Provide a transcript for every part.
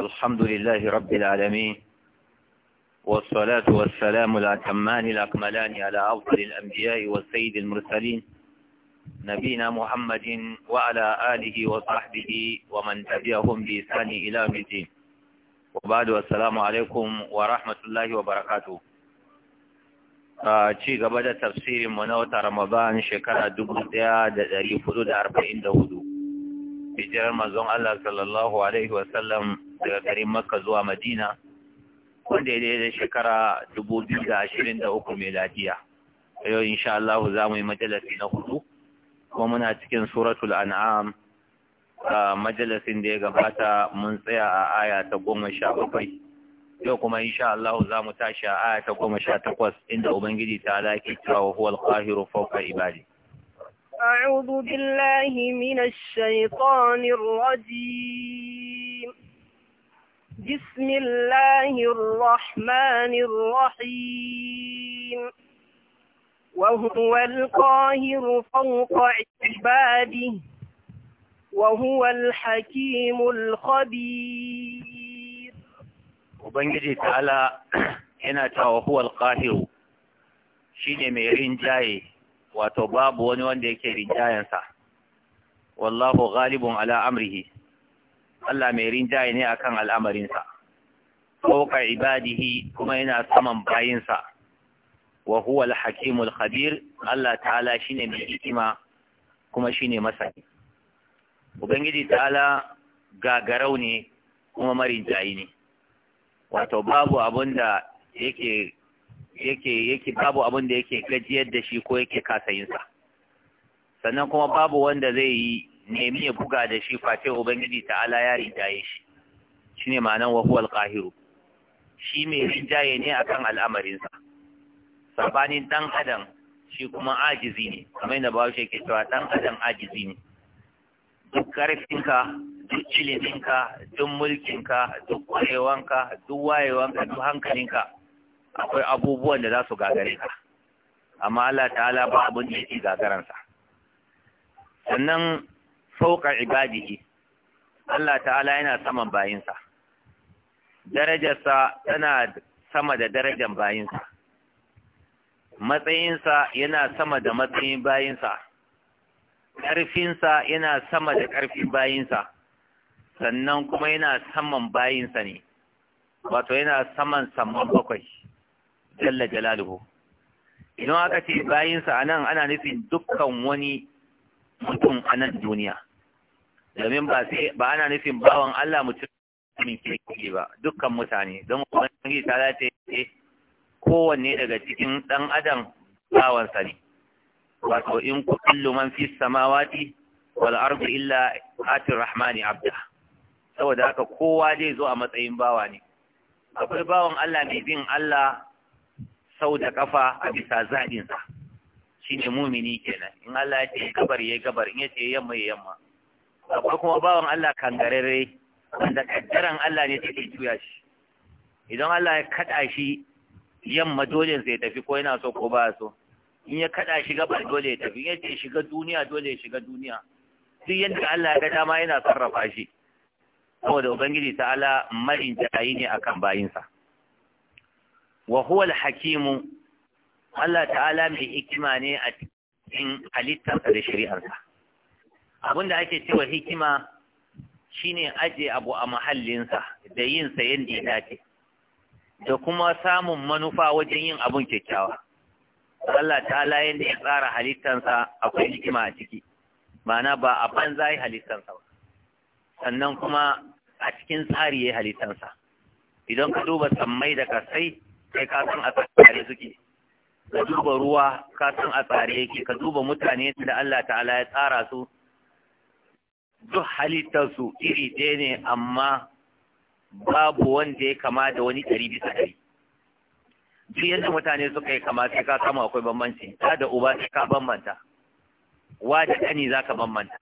الحمد لله رب العالمين والصلاة والسلام الأتمان الأكملان على أفضل الأنبياء والسيد المرسلين نبينا محمد وعلى آله وصحبه ومن تبعهم بإحسان إلى يوم الدين وبعد السلام عليكم ورحمة الله وبركاته ci gaba da tafsirin mu na wata Ramadan shekara hudu. hijirar manzon Allah sallallahu alaihi wasallam daga garin makka zuwa madina wanda ya daidai shekara dubu biyu da da ashirin 2023 meladiya yau insha Allah za mu yi majalasi na hudu kuma muna cikin suratul an'am a majalasin da ya gabata mun tsaya a aya ta goma sha bakwai yau kuma insha Allah za mu tashi a aya ta goma sha takwas inda ubangiji ta laki cewa wa huwal qahiru fawqa ibadi أعوذ بالله من الشيطان الرجيم بسم الله الرحمن الرحيم وهو القاهر فوق عباده وهو الحكيم الخبير وبنجي تعالى هنا وهو القاهر شيني ميرين جاي وتباب وني وندي كيرين والله غالب على أمره Allah mai rinjaye ne akan al'amarinsa fawqa ibadihi kuma yana saman bayinsa wa huwa al hakimul khabir Allah ta'ala shine mai hikima kuma shine masani ubangiji ta'ala gagarau ne kuma marinjaye ne wato babu abin yake yake yake babu abin da yake gajiyar da shi ko yake kasayinsa sannan kuma babu wanda zai yi nemi ya buga da shi face ubangiji ta'ala ya rinjaye shi shine ma'anan wa huwal qahiru shi mai rinjaye ne akan al'amarinsa sabanin dan adam shi kuma ajizi ne kamar yadda shi ke cewa dan adam ajizi ne duk karfinka duk cilininka duk mulkinka duk kwarewanka duk wayewanka duk hankalinka akwai abubuwan da za su gagare ka amma Allah ta'ala ba abin da yake gagaransa sannan fauka ibadihi Allah ta'ala yana saman bayinsa darajarsa tana sama da darajar bayinsa matsayinsa yana sama da matsayin bayinsa ƙarfinsa yana sama da ƙarfin bayinsa sannan kuma yana saman bayinsa ne wato yana saman saman bakwai jalla jalaluhu idan aka ce bayinsa anan ana nufin dukkan wani mutum a nan duniya domin ba sai ba ana nufin bawan Allah mutum min kirki ba dukkan mutane don ubangiji ta lati kowanne daga cikin dan adam bawansa ne wato in kullu man fi samawati wal ardi illa atir rahmani abda saboda haka kowa zai zo a matsayin bawa ne akwai bawan Allah mai bin Allah sau da kafa a bisa zaɗinsa shi ne mumini kenan in Allah ya ce gabar ya gabar in ya ce yamma ya yamma akwai kuma bawan Allah kangararre wanda kaddaran Allah ne take tuya shi idan Allah ya kada shi yamma dole sai tafi ko yana so ko ba so in ya kada shi gaba dole ya tafi ya ce shiga duniya dole ya shiga duniya duk yadda Allah ya ga dama yana sarrafa shi saboda ubangiji ta ala marin jayi ne akan bayinsa wa huwa al-hakimu Allah ta'ala mai hikima ne a cikin halittarsa da shari'arsa da ake cewa hikima shine aje abu a mahallinsa da yin sa yadda ya dace da kuma samun manufa wajen yin abun kyakkyawa Allah ta'ala yadda ya tsara halittansa akwai hikima a ciki ma'ana ba a banza yi halittansa ba sannan kuma a cikin tsari ya halittansa idan ka duba sammai da kasai kai ka san a tsare suke ka duba ruwa ka san a tsare yake ka duba mutane da Allah ta'ala ya tsara su duk halittarsu iri ɗaya ne amma babu wanda ya kama da wani ɗari bisa ɗari duk yadda mutane suka yi kama sai ka kama akwai bambanci ta da uba sai ka bambanta wa da ɗani za ka bambanta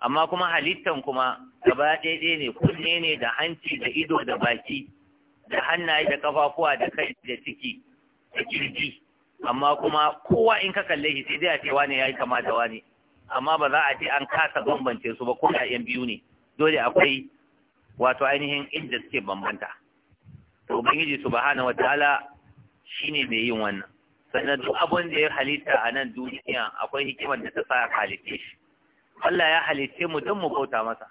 amma kuma halittan kuma gaba ɗaya ne kunne ne da hanci da ido da baki da hannaye da kafafuwa da kai da ciki da kirji amma kuma kowa in ka kalle shi sai dai a ce wani yi kama da wani amma ba za a ce an kasa bambance su ba ko da yan biyu ne dole akwai wato ainihin inda suke bambanta to ubangiji subhanahu wataala shine mai yin wannan sannan duk abin da ya halitta a nan duniya akwai hikimar da ta sa halitta shi Allah ya halitta mu don mu bauta masa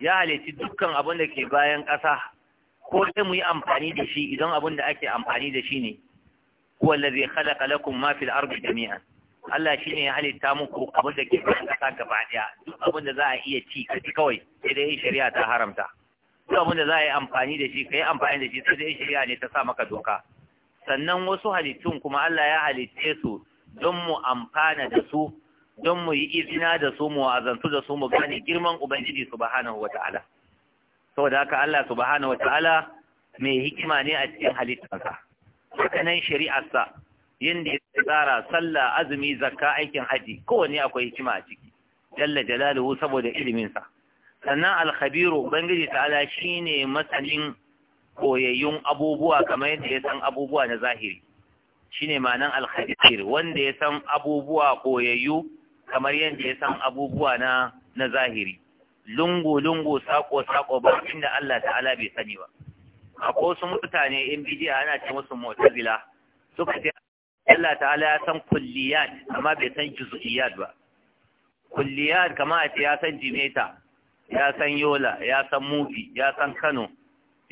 ya halitta dukkan abin da ke bayan kasa. ko sai mu yi amfani da shi idan abin da ake amfani da shi ne huwa allazi khalaqa lakum ma fil ardi jami'an Allah shi ne ya halitta muku abin da ke kan kasa gaba ɗaya duk abin za a iya ci ka ci kawai sai dai shari'a ta haramta duk abin za a yi amfani da shi ka yi amfani da shi sai dai shari'a ne ta sa maka doka sannan wasu halittun kuma Allah ya halitte su don mu amfana da su don mu yi izina da su mu azantu da su mu gane girman ubangiji subhanahu wata'ala saboda haka Allah subhanahu wata'ala mai hikima ne a cikin halittarsa kanan shari'arsa yanda ya tsara sallah azumi zakka aikin haji kowanne akwai hikima a ciki jalla jalaluhu saboda ilimin sa sannan alkhabiru ta ta'ala shine masanin koyayyun abubuwa kamar yadda ya san abubuwa na zahiri shine ma'anan alkhabir wanda ya san abubuwa koyayyu kamar yadda ya san abubuwa na na zahiri lungu lungu sako sako ba inda Allah ta'ala bai sani ba akwai wasu mutane in bidiya ana ce musu mu'tazila suka ce Allah ta'ala ya san kulliyat amma bai san juz'iyat ba kulliyat kama a ce ya san jimeta ya san yola ya san mubi ya san kano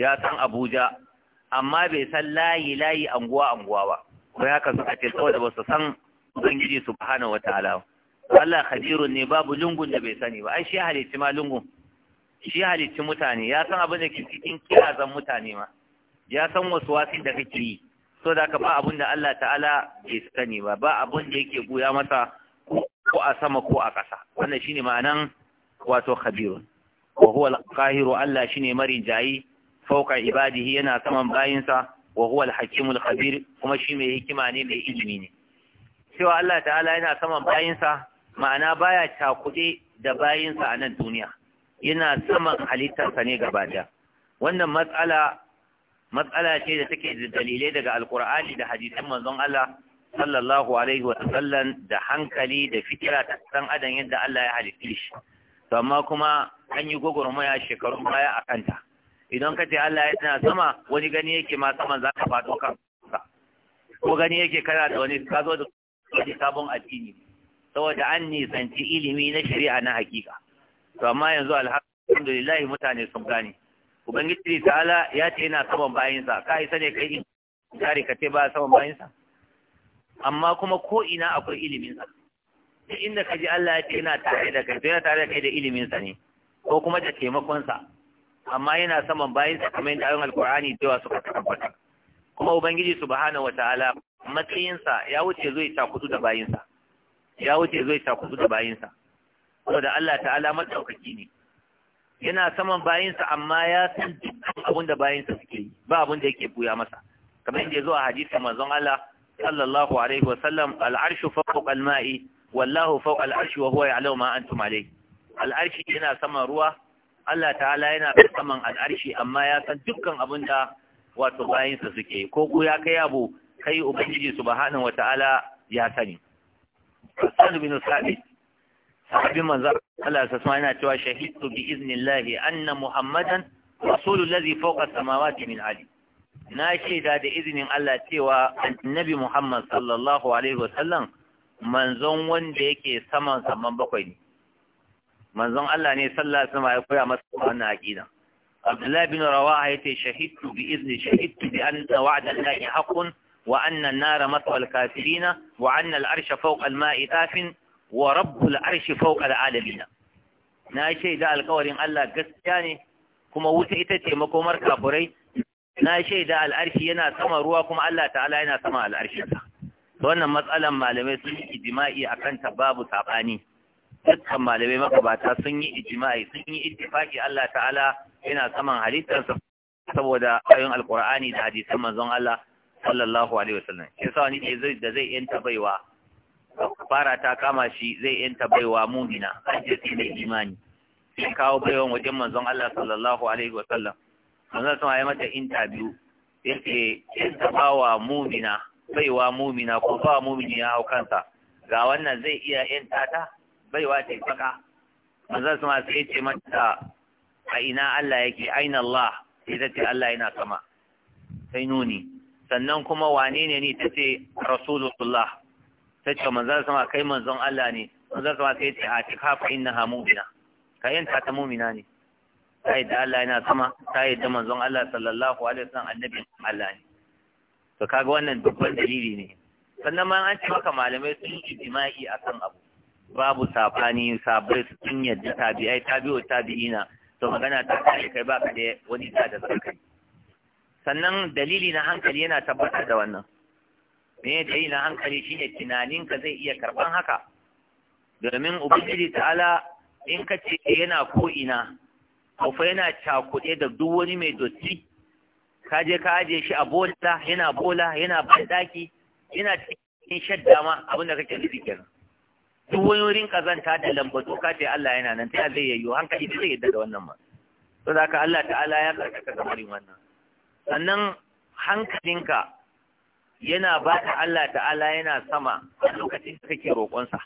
ya san abuja amma bai san layi layi anguwa anguwa ba ko kasu a ce saboda ba su san ubangiji subhanahu wataala Allah khabirun ne babu lungun da bai sani ba ai shi halicci ma lungun shi halicci mutane ya san abin da ke cikin kirazan mutane ma ya san wasu wasi da kake yi so da ka ba abun da Allah ta'ala bai sani ba ba abun da yake buya masa ko a sama ko a ƙasa wannan shine ma'anan wato Kabiru, wa huwa al-qahiru Allah shine mari jayi fauka ibadihi yana saman bayinsa wa huwa al-hakimul khabir kuma shi mai hikima ne mai ilimi ne cewa Allah ta'ala yana saman bayinsa ma'ana baya cakude da bayinsa a nan duniya yana saman halittarsa ne gaba daya wannan matsala matsala ce da take da dalilai daga alkur'ani da hadisan manzon Allah sallallahu alaihi wa sallam da hankali da fikira ta san adon yadda Allah ya halitta shi to amma kuma an yi gogormaya shekarun baya a kanta idan ka ce Allah yana sama wani gani yake ma saman za ka fado kansa ko gani yake kana da wani ka zo da wani sabon addini saboda an nisanci ilimi na shari'a na hakika to amma yanzu alhamdulillah mutane sun gane ubangiji ta'ala ya ce yana saman bayinsa ka isa ne kai kare ka ce ba saman bayinsa amma kuma ko ina akwai iliminsa duk inda ka ji Allah ya ce yana tare da kai yana tare da kai da iliminsa ne ko kuma da taimakonsa amma yana saman bayinsa kamar yadda ayoyin alkur'ani cewa suka tabbata kuma ubangiji wa ta'ala matsayinsa ya wuce zai kudu da bayinsa ya wuce zai takudu da bayinsa saboda Allah ta'ala madaukaki ne yana saman bayinsa amma ya san dukkan abin da bayinsa suke yi ba abin da yake buya masa kamar inda ya zo a hadisi manzon Allah sallallahu alaihi wa sallam al'arshu fawqa al-ma'i wallahu fawqa al-arshi wa huwa ya'lamu ma antum alayhi al'arshi yana saman ruwa Allah ta'ala yana saman al'arshi amma ya san dukkan abin da wato bayinsa suke ko ku ya kai abu kai ubangiji subhanahu wa ta'ala ya sani sallu bin Sa'id sahabin manzo Allah sa sama yana cewa shahidtu bi iznillahi anna muhammadan rasulul ladhi fawqa samawati min ali na shaida da izinin Allah cewa annabi Muhammad sallallahu alaihi wa wasallam manzon wanda yake saman saman bakwai ne manzon Allah ne sallallahu alaihi wasallam ya koya masa wannan aqida Abdullahi bin Rawaha yace shahidtu bi izni shahidtu bi anna wa'da Allahi haqqun wa anna an-nara maswa al-kafirina wa anna al-arsha fawqa al-ma'i wa rabbul arshi fawqa alalamin na shaida alƙawarin Allah gaskiya ne kuma wuta ita ce makomar kafurai na shaida al'arshi yana sama ruwa kuma Allah ta'ala yana sama al'arshinsa wannan matsalan malamai sun yi ijima'i akan ta babu sabani dukkan malamai magabata sun yi ijima'i sun yi ittifaqi Allah ta'ala yana saman halittarsa saboda ayoyin alqur'ani da hadisin manzon Allah sallallahu alaihi wasallam sai sa wani da zai yanta baiwa fara ta kama shi zai yanta baiwa mumina an je sai ne imani sai kawo baiwan wajen manzon Allah sallallahu alaihi wa sallam manzon sama ya mata interview yace yanta bawa mumina baiwa mumina ko ba mumini ya hau kansa ga wannan zai iya yanta ta baiwa ta faka manzon sama sai ce mata a ina Allah yake aina Allah sai ta ce Allah yana sama sai nuni sannan kuma wane ne ni ta ce rasulullah ta ce manzan sama kai manzon Allah ne manzan sama sai ce a tika fa ha mu'mina ka yanta ta mu'mina ne ta yadda Allah yana sama ta yadda manzon Allah sallallahu alaihi wasallam annabi Allah ne to kaga wannan dubban dalili ne sannan ma an ce maka malamai sun yi jima'i akan abu babu sabani sabir sun yadda tabi'ai tabi'u tabi'ina to magana ta kai kai baka da wani ta da zakai sannan dalili na hankali yana tabbatar da wannan me na hankali shi ne tunaninka zai iya karban haka domin ubangiji ta'ala in ka ce yana ko ina fa yana cakuɗe da duk wani mai dotti ka je ka aje shi a bola yana bola yana banɗaki yana cikin shadda ma abin da kake nufi kenan duk wani wurin kazanta da lambatu ka ce Allah yana nan ta zai yayyo hankali zai yadda da wannan ma saboda da ka Allah ta'ala ya karkata kamar wannan sannan hankalinka yana ba ta Allah ta'ala yana sama a lokacin da kake roƙonsa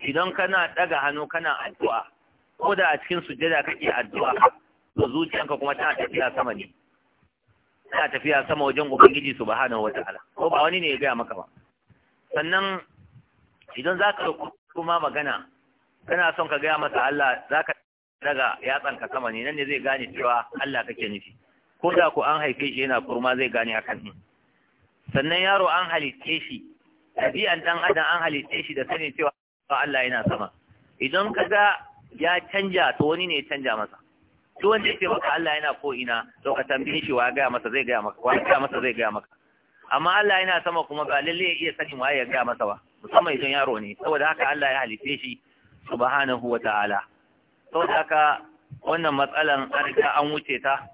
idan kana ɗaga hannu kana addu'a ko da a cikin sujjada kake addu'a to zuciyanka kuma tana tafiya sama ne tana tafiya sama wajen ubangiji subhanahu wata'ala ko ba wani ne ya gaya maka ba sannan idan za ka kuma magana kana son ka gaya masa Allah za ka daga yatsanka sama ne nan ne zai gane cewa Allah kake nufi ko da ku an haife shi yana kurma zai gane kan ni sannan yaro an halitte shi ɗabi'an ɗan adam an halitte shi da sanin cewa Allah yana sama idan ka ga ya canja to wani ne ya canja masa duk wanda yake maka Allah yana ko ina to ka tambaye shi wa ga masa zai ga maka wa ga masa zai ga maka amma Allah yana sama kuma ba lalle ya iya sanin waye ya ga masa ba musamman idan yaro ne saboda haka Allah ya halitte shi subhanahu wa ta'ala saboda haka wannan matsalan an riga an wuce ta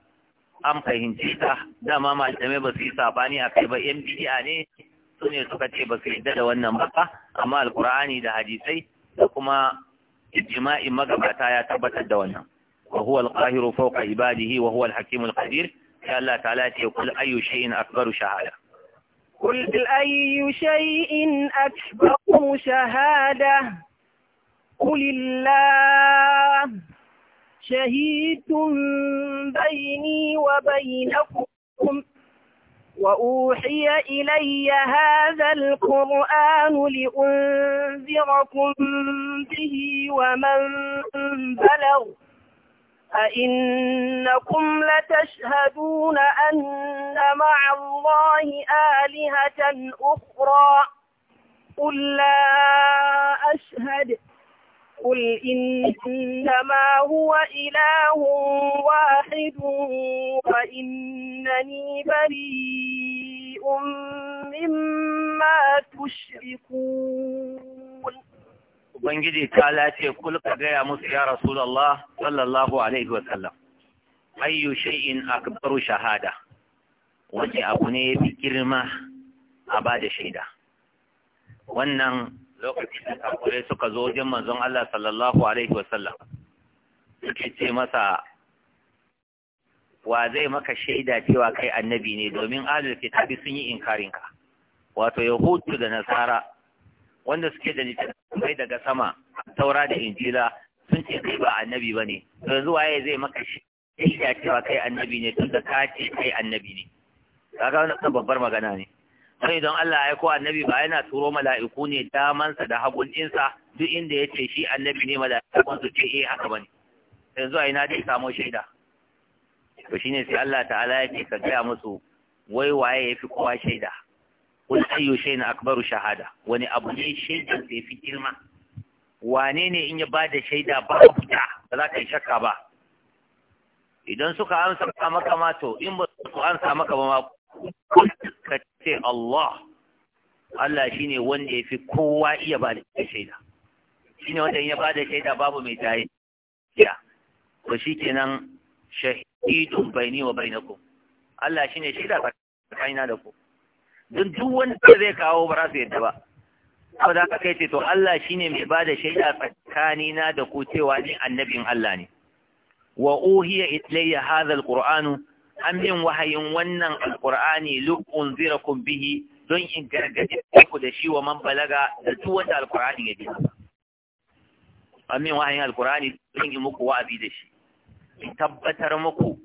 an fahimci ta dama malamai ba su yi sabani a kai ba yan bidiya ne su ne suka ce ba su yadda da wannan ba amma alkur'ani da hadisai da kuma ijma'in magabata ya tabbatar da wannan wa huwa al-qahiru fawqa ibadihi wa huwa al-hakim al sai Allah ta'ala ce kul ayyu shay'in akbaru shahada kul ayyu shay'in akbaru shahada qul شهيد بيني وبينكم وأوحي إلي هذا القرآن لأنذركم به ومن بلغ أئنكم لتشهدون أن مع الله آلهة أخرى قل لا أشهد قل إنما هو إله واحد وإنني بريء مما تشركون Ubangiji ta lace kulka gaya musu ya Rasulallah sallallahu Alaihi wasallam, ayyu shay'in akbaru shahada, wace abu ne ya fi girma a ba da shaida. Wannan lokacin da suka zo wajen manzon Allah sallallahu alaihi wasallam suke ce masa wa zai maka shaida cewa kai annabi ne domin ahlul kitabi sun yi inkarin ka wato yahudu da nasara wanda suke da littattafai daga sama taura da injila sun ce kai ba annabi bane to yanzu waye zai maka shaida cewa kai annabi ne tun da ka ce kai annabi ne kaga wannan babbar magana ne don Allah ya kowa annabi ba yana turo mala'iku ne damansa da hagun ɗinsa duk inda ya ce shi annabi ne mala'ikun su ce eh haka bane yanzu a ina dai samu shaida to ne sai Allah ta'ala ya ce ka gaya musu wai waye fi kowa shaida kul ayyu na akbaru shahada wani abu ne shaidan sai fi girma wane ne in ya da shaida ba fita ba za ka yi shakka ba idan suka amsa maka ma to in ba su amsa maka ba ma ka ce Allah Allah shi ne wanda ya fi kowa iya ba da shaida shi ne wanda ya ba da shaida babu mai tayi ya Ba shi kenan shahidun baini wa bainakum Allah shi ne shaida tsakanina da ku don duk wanda zai kawo ba su yadda ba abu da aka kai ce to Allah shi ne mai ba da shaida tsakanina da ku cewa ni annabin Allah ne wa uhiya ilayya hadha alqur'anu an min wahayin wannan alqur'ani lu unzirakum bihi don in gargaje ku da shi wa man balaga da duk wanda alqur'ani ya bi an min wahayin alqur'ani don in muku wa'azi da shi in tabbatar muku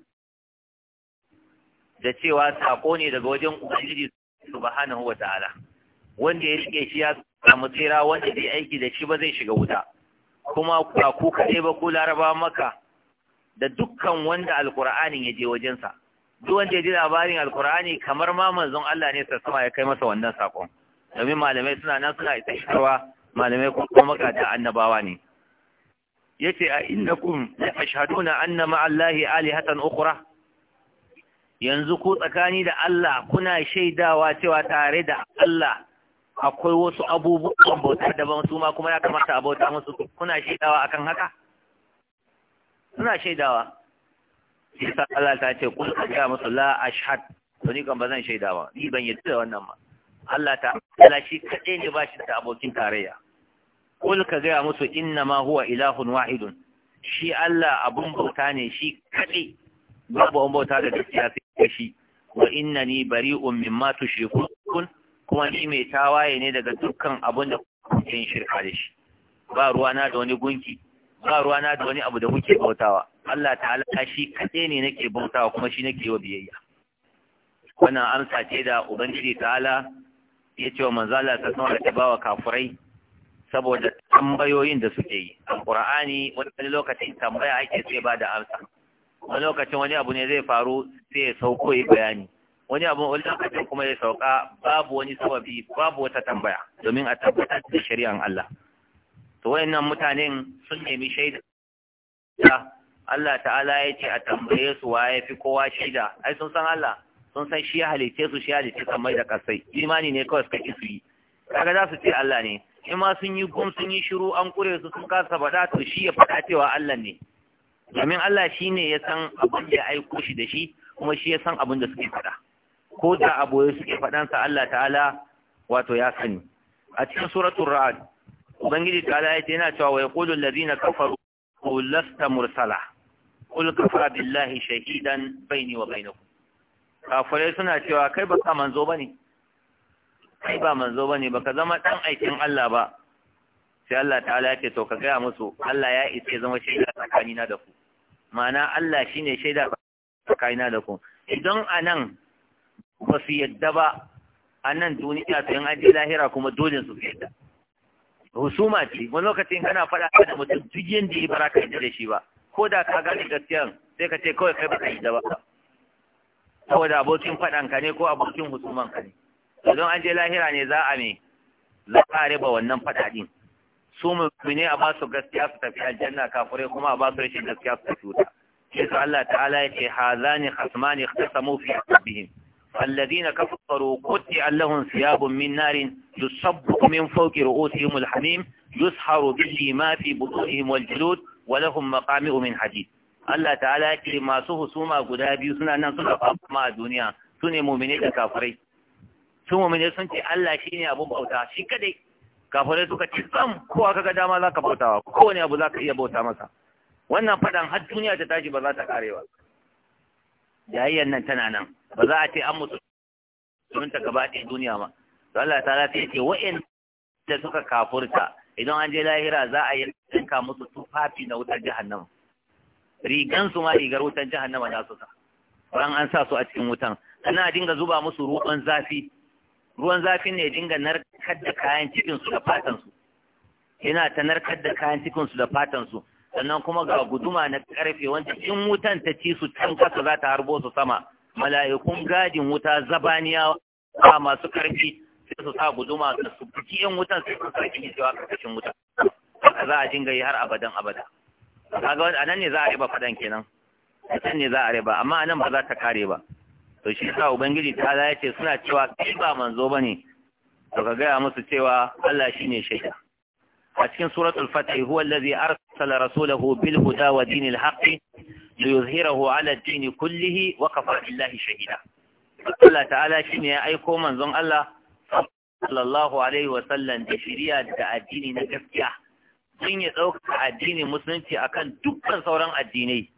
da cewa sako ne daga wajen ubangiji subhanahu ta'ala wanda ya rike shi ya samu tsira wanda zai aiki da shi ba zai shiga wuta kuma ba ku kaɗai ba ku laraba maka da dukkan wanda alƙur'anin ya je wajensa duk wanda ya ji labarin alkur'ani kamar ma manzon Allah ne sama ya kai masa wannan sakon domin malamai suna nan suna isa shirwa malamai kuma makata annabawa ne yace a innakum la ashhaduna anna ma'a allahi alihatan ukhra yanzu ku tsakani da Allah kuna shaidawa cewa tare da Allah akwai wasu abubuwan bauta daban su ma kuma ya kamata a bauta musu kuna shaidawa akan haka suna shaidawa Isa Allah ta ce kun gaya ga musu la ashhad to ni kan ba shaida ba ni ban yi da wannan ba Allah ta Allah shi kadai ne ba da abokin tarayya kul ka ga musu inna ma huwa ilahun wahidun shi Allah abun bauta ne shi kadai babu abun bauta da gaskiya sai shi wa innani bari'un mimma tushrikun kuma ni mai tawaye ne daga dukkan abun da kuke shirka da shi ba ruwa na da wani gunki ba ruwana da wani abu da kuke bautawa Allah ta'ala shi kade ne nake bautawa kuma shi nake wa biyayya wannan amsa ce da ubangiji ta'ala ya ce wa manzala ta sanar da bawa kafurai saboda tambayoyin da suke yi alqur'ani wani lokaci tambaya ake sai ba da amsa wani lokacin wani abu ne zai faru sai ya sauko yi bayani wani abu wani lokacin kuma ya sauka babu wani sababi babu wata tambaya domin a tabbatar da shari'an Allah to wayannan mutanen sun nemi shaida Allah ta'ala ya ce a tambaye su wa ya fi kowa shaida ai sun san Allah sun san shi ya halice su shi ya halice kan mai da kasai imani ne kawai suka ki su yi kaga za su ce Allah ne in ma sun yi gum sun yi shiru an kure su sun kasa faɗa to shi ya faɗa cewa Allah ne domin Allah shi ne ya san abin da ya aiko shi da shi kuma shi ya san abin da suke faɗa ko da aboye suke faɗansa Allah ta'ala wato ya sani a cikin suratul ra'd ubangiji ta ala ce yana cewa wa yaqulu allazina kafaru lasta mursala qul kafa billahi shahidan baini wa bainakum kafirai suna cewa kai ba ka manzo bane kai ba manzo bane baka zama dan aikin Allah ba sai Allah ta'ala ya ce to ka gaya musu Allah ya isa zama shaida tsakanina da ku ma'ana Allah shine shaida tsakanina da ku idan anan ba su yadda ba anan duniya to in an lahira kuma dole su yadda husuma ce wani lokacin kana faɗa da mutum duk yadda ya ka yi da shi ba ko da ka gane gaskiyan sai ka ce kawai kai baka yi da ba saboda abokin faɗan ka ne ko abokin husuman ka ne don an je lahira ne za a me za a riba wannan faɗaɗin su mummune a su gaskiya su tafi aljanna kafirai kuma a basu rashin gaskiya su tafi wuta sai Allah ta'ala ya ce hazani khasmani khasamu fi rabbihim الذين كفروا قطع لهم ثياب من نار يصب من فوق رؤوسهم الحميم يسحر به ما في بطونهم والجلود ولهم مقامع من حديد Allah ta'ala ya masu husuma guda biyu suna nan suka fama a duniya su ne da kafirai su mumine sun ce Allah shi ne abin bauta shi kadai kafirai suka ce sam kowa kaga dama za ka bautawa kowane abu za ka iya bauta masa wannan faɗan har duniya ta tashi ba za ta karewa jayayyan nan tana nan ba za a ce an mutu sun ta gaba ɗaya duniya ma to Allah ta lafi ce wa'in da suka kafurta idan an je lahira za a yi ɗinka musu tufafi na wutar jahannama rigan su ma rigar wutar jahannama na su sa ran an sa su a cikin wutan ana dinga zuba musu ruwan zafi ruwan zafi ne dinga narkar da kayan cikin su da fatan su yana ta narkar da kayan cikin su da fatan su sannan kuma ga guduma na karfe wanda in wutan ta ci su can kasa za ta harbo su sama mala'ikun gadin wuta zabaniya a masu karfi sai su sa guduma da su buki yan wutan sai su sarki cewa karkashin wuta haka za a dinga yi har abadan abada kaga a nan ne za a riba fadan kenan a can ne za a riba amma a nan ba za ta kare ba to shi sa ubangiji ta ya ce suna cewa kai ba manzo bane to ka gaya musu cewa Allah shine shaida a cikin suratul fatih huwa allazi arsala rasulahu bil huda wa dinil haqqi liyuzhirahu ala ad-din kullihi wa kafa billahi shahida Allah ta'ala shine ya aiko manzon Allah sallallahu alaihi wa sallam da shari'a da addini na gaskiya sun ya dauka addinin musulunci akan dukkan sauran addinai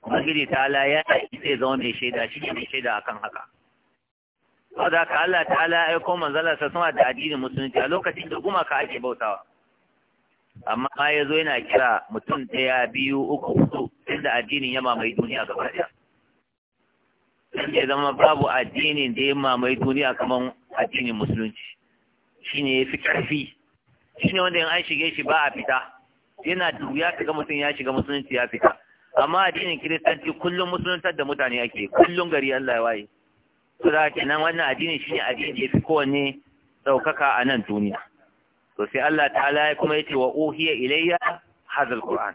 Ubangiji ta'ala ya sai zama mai shaida shi ne shaida akan haka saboda haka Allah ta'ala ya aiko manzon Allah sallallahu alaihi da addinin musulunci lokacin da gumaka ake bautawa amma ya zo yana kira mutum ɗaya biyu uku hudu inda addinin ya mamaye duniya gaba ɗaya ke zama babu addinin da ya mamaye duniya kamar addinin musulunci Shi ne ya fi ƙarfi ne wanda in an shige shi ba a fita yana ya ga mutum ya shiga musulunci ya fita amma addinin kiristanci kullum musuluntar da mutane ake kullum gari Allah ya waye to da kenan wannan addinin ne addinin da ya fi kowanne ɗaukaka a nan duniya to sai Allah ta'ala ya kuma yace wa uhiya ilayya hadha alquran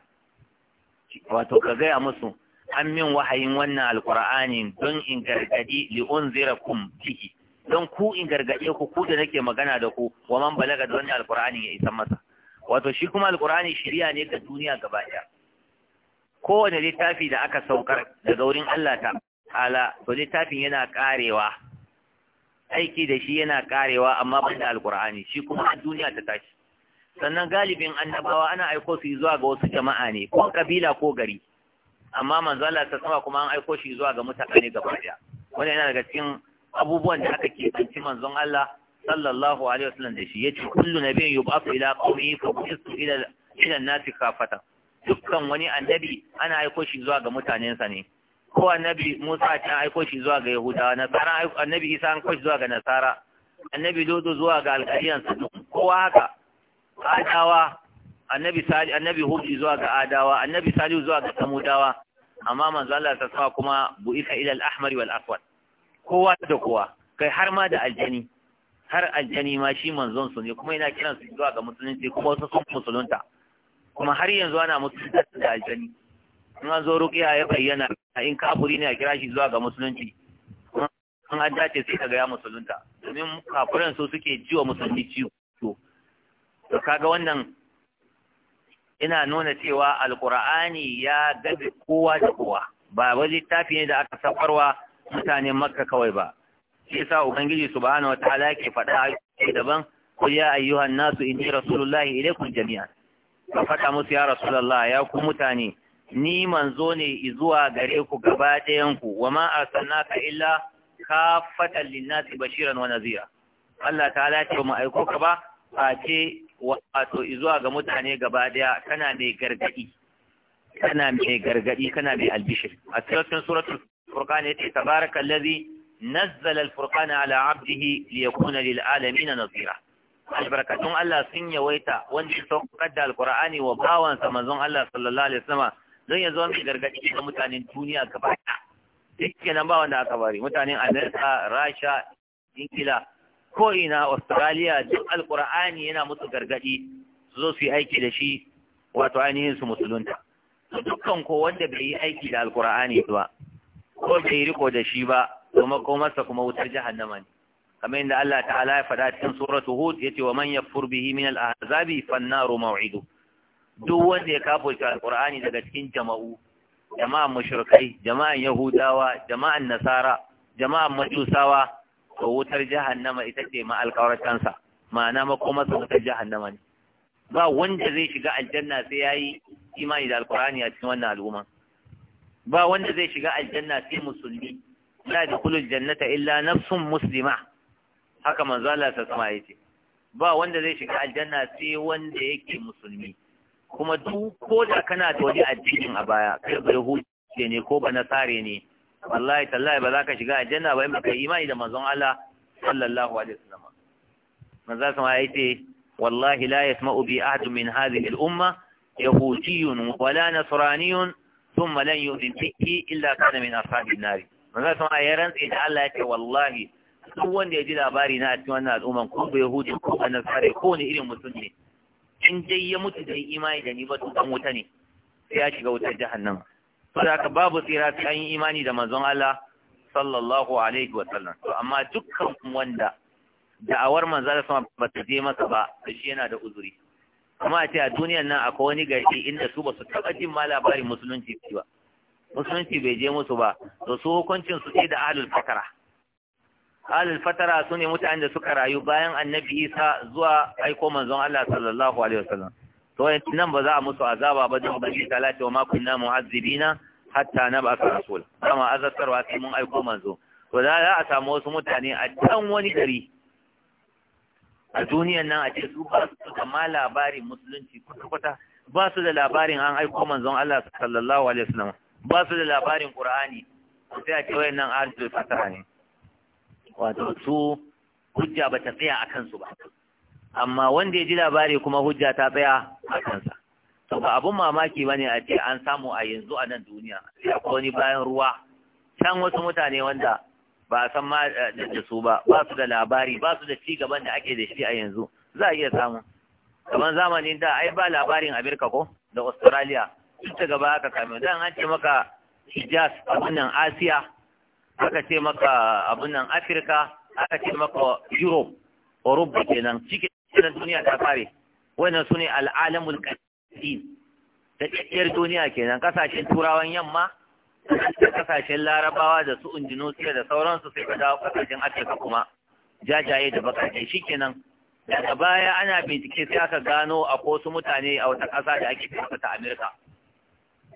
wato ka gaya musu an min wahayin wannan alqur'ani don in gargadi li unzirakum bihi don ku in gargade ku ku da nake magana da ku wa man balaga don alqur'ani ya isa masa wato shi kuma alqur'ani shiriya ne ga duniya gaba ɗaya kowane littafi da aka saukar daga wurin Allah ta'ala to littafin yana karewa aiki da shi yana karewa amma ban da alkur'ani shi kuma a duniya ta tashi sannan galibin annabawa ana aiko su zuwa ga wasu jama'a ne ko kabila ko gari amma manzo Allah ta sama kuma an aiko shi zuwa ga mutane gaba daya wannan yana daga cikin abubuwan da aka kebanci manzon Allah sallallahu alaihi wasallam da shi yace kullu nabiyyin yub'athu ila qawmihi fa bu'ithu ila ila an-nasi kafatan dukkan wani annabi ana aiko shi zuwa ga mutanensa ne ko annabi Musa ta aiko shi zuwa ga Yahudawa nasara annabi Isa an koshi zuwa ga nasara annabi Lutu zuwa ga alƙariyan kowa haka adawa annabi Sali annabi Hud zuwa ga adawa annabi Salihu zuwa ga samudawa amma manzo Allah ta sa kuma bu'ika ila al-ahmar wal aswad kowa da kowa kai har ma da aljani har aljani ma shi manzon su ne kuma yana kiran su zuwa ga musulunci kuma wasu sun musulunta kuma har yanzu ana musulunta da aljani in an zo rukiya ya bayyana in kafuri ne a kira shi zuwa ga musulunci in an dace sai ka ga ya musulunta domin kafuran su suke jiwa musulmi ciwo to kaga wannan ina nuna cewa alkur'ani ya gabe kowa da kowa ba wai littafi ne da aka safarwa mutanen makka kawai ba shi yasa ubangiji subhanahu wataala yake faɗa a daban ko ya ayyuhan nasu inni rasulullahi ilaykum jami'an ka faɗa musu ya rasulullah ya ku mutane ni manzo ne zuwa gare ku gaba ɗayan wa ma arsalnaka illa kafatan linnasi bashiran wa nazira Allah Ta ta'ala ce mu aiko ka ba ce wato zuwa ga mutane gaba ɗaya kana mai gargadi kana mai gargadi kana mai albishir a cikin suratul furqan yace tabarakallazi nazzala al-furqana ala 'abdihi liyakuna lil alamin nazira albarkatun Allah sun yawaita wanda ya saukar da alkur'ani wa bawansa manzon Allah sallallahu alaihi wasallam don ya zama mai gargaɗi ga mutanen duniya gaba ɗaya duk nan ba wanda aka bari mutanen amerika rasha ingila ko ina australia duk alkur'ani yana musu gargaɗi su zo su yi aiki da shi wato ainihin su musulunta dukkan ko wanda bai yi aiki da alkur'ani ba ko bai riko da shi ba kuma ko masa kuma wutar jahannama ne kamar yadda Allah ta'ala ya faɗa cikin suratu hud yace wa man yakfur bihi min al-ahzabi fan-naru maw'iduhu duk wanda ya shi alqur'ani daga cikin jama'u jama'an mushrikai jama'an yahudawa jama'an nasara jama'an majusawa to wutar jahannama ita ce ma sa ma'ana su wutar jahannama ne ba wanda zai shiga aljanna sai yayi imani da Alƙur'ani a cikin wannan al'umma ba wanda zai shiga aljanna sai musulmi la yadkhulul jannata illa nafsun muslima haka manzo Allah ta sama yace ba wanda zai shiga aljanna sai wanda yake musulmi kuma duk ko da kana da wani addinin a baya kai bai huce ne ko ba nasare ne wallahi tallahi ba za ka shiga aljanna ba in baka imani da manzon Allah sallallahu alaihi wasallam manzon sama ya ce wallahi la yasma'u bi ahad min hadhihi al-umma thumma lan yu'min bihi illa kana min nar manzon sama ya rantsa da Allah ya ce wallahi duk wanda ya ji labari na cikin wannan al'umman ko ba yahudi ko ba nasare ko ne irin mutum ne in dai ya mutu da imani da ni ba to dan wuta ne sai ya shiga wutar jahannama saboda haka babu tsira sai an yi imani da manzon Allah sallallahu alaihi wa sallam to amma dukkan wanda da'awar manzo Allah sama ba ta je masa ba shi yana da uzuri amma a ce a duniyar nan akwai wani gari inda su ba su taba jin ma labarin musulunci ba musulunci bai je musu ba to su hukuncin su ce da ahlul fakara alal fatara su ne mutane da suka rayu bayan annabi isa zuwa aiko manzon Allah sallallahu alaihi wasallam to nan ba za a musu azaba ba don ba shi talata wa ma kunna mu'azzibina hatta na ba ka rasul kama azabtarwa sai mun aiko manzo to za a samu wasu mutane a can wani gari a duniyan nan a ce su ba su da ma labarin musulunci kwata-kwata ba su da labarin an aiko manzon Allah sallallahu alaihi wasallam ba su da labarin Qur'ani sai a ce wayannan ahlul fatara ne wato su hujja ba ta tsaya a kansu ba amma wanda ya ji labari kuma hujja ta tsaya a kansa to ba abun mamaki ba ne a ce an samu a yanzu a nan duniya ya wani bayan ruwa can wasu mutane wanda ba a san ma eh, da su ba ba su da labari ba su da cigaban da ake da shi a yanzu za a iya samu kamar zamanin da ai ba labarin amerika ko da australia duk ta gaba haka kamin Zan an ce maka hijaz a wannan asiya aka ce maka abin nan Afirka aka ce maka Europe ke kenan cikin duniya ta fare, wannan sune al'alamul qadim da tsakiyar duniya kenan kasashen turawan yamma da larabawa da su indonesia da sauransu sai ka dawo kasashen afirka kuma jajaye da bakaje nan, daga baya ana bincike sai aka gano a wasu mutane a wata ƙasa da ake kasa ta amerika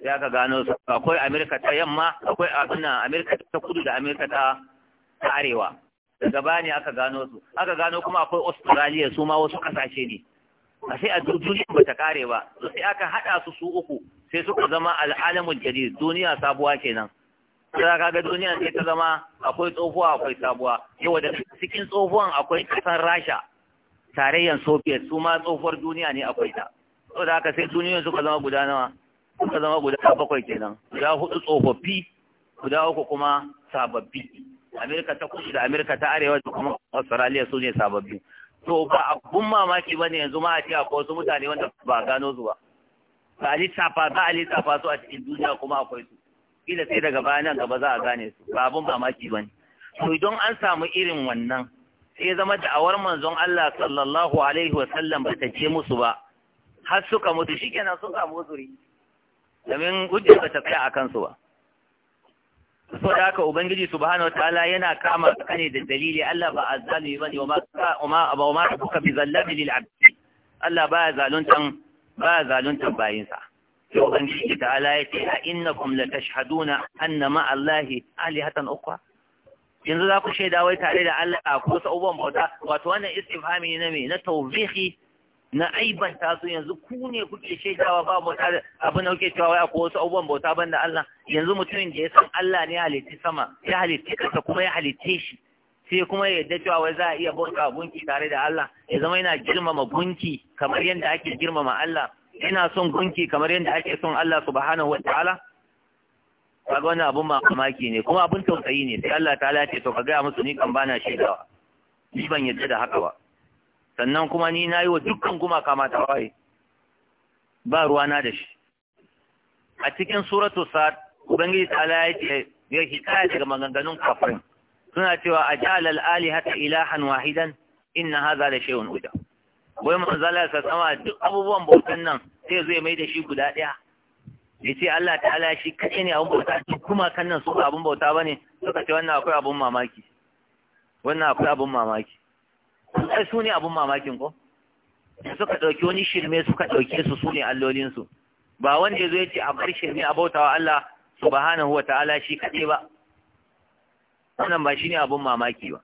ya ka gano su akwai Amerika ta yamma akwai abinan Amerika ta kudu da Amerika ta arewa daga ne aka gano su aka gano kuma akwai Australia su ma wasu kasashe ne a sai a duniya ba ta kare ba sai aka hada su su uku sai suka zama al'alamun jadi duniya sabuwa kenan sai ka ga duniya sai ta zama akwai tsohuwa akwai sabuwa yau da cikin tsohuwan akwai kasar Rasha tarayyar Soviet su ma tsohuwar duniya ne akwai ta saboda haka sai duniyoyin suka zama guda nawa suka zama guda bakwai kenan guda hudu tsofaffi guda uku kuma sababbi amerika ta kudu da amerika ta arewa da kuma australia su ne sababbi to ba abun mamaki ba ne yanzu ma a ce akwai wasu mutane wanda ba gano su ba ba a lissafa ba a lissafa su a cikin duniya kuma akwai su kila sai daga baya nan gaba za a gane su ba abun mamaki ba ne to idan an samu irin wannan sai zama da awar manzon Allah sallallahu alaihi wasallam ba ta ce musu ba har suka mutu shikenan sun samu uzuri domin hujjar ba ta tsaya a kansu ba so da haka ubangiji subhanahu wataala yana kama ka ne da dalili Allah ba azalimi bane wa ma wa ma kuka bi zallabi lil abdi Allah ba zaluntan ba zaluntan bayin sa to ubangiji ta'ala yace a innakum la tashhaduna anna ma Allahi alihatan ukhra yanzu za ku shaida wai tare da Allah a kusa uban bauta wato wannan istifhami ne na me na tawbihi na aibanta su yanzu ku ne kuke shaidawa ba mu abin da kuke cewa wai akwai wasu abubuwan bauta banda Allah yanzu mutumin da ya san Allah ne halitta sama ya halitta kasa kuma ya halitta shi sai kuma ya yadda cewa wai za a iya bauta gunki tare da Allah ya zama yana girmama gunki kamar yadda ake girmama Allah yana son gunki kamar yadda ake son Allah subhanahu wataala kaga wannan abun mamaki ne kuma abun tausayi ne sai Allah ta ya ce to ka gaya musu ni kan bana shaidawa ni ban yadda da haka ba sannan kuma ni na yi wa dukkan gumaka mata waye ba ruwa na da shi a cikin suratu sa'ad ubangiji ta'ala ya ce ya hikaya daga maganganun kafirin suna cewa a ja'ala al hata ilahan wahidan inna da la shay'un uja wai manzala sa sama duk abubuwan bautan nan sai zai mai da shi guda daya ce Allah ta'ala shi kace ne abun bauta duk kuma kan nan su abun bauta bane suka ce wannan akwai abun mamaki wannan akwai abun mamaki ai su ne abun mamakin ko suka ɗauki wani shirme suka ɗauke su su ne allolinsu ba wanda ya zo ya ce a bar shirme a bautawa Allah subhanahu wa ta'ala shi kaɗai ba wannan ba shi ne abun mamaki ba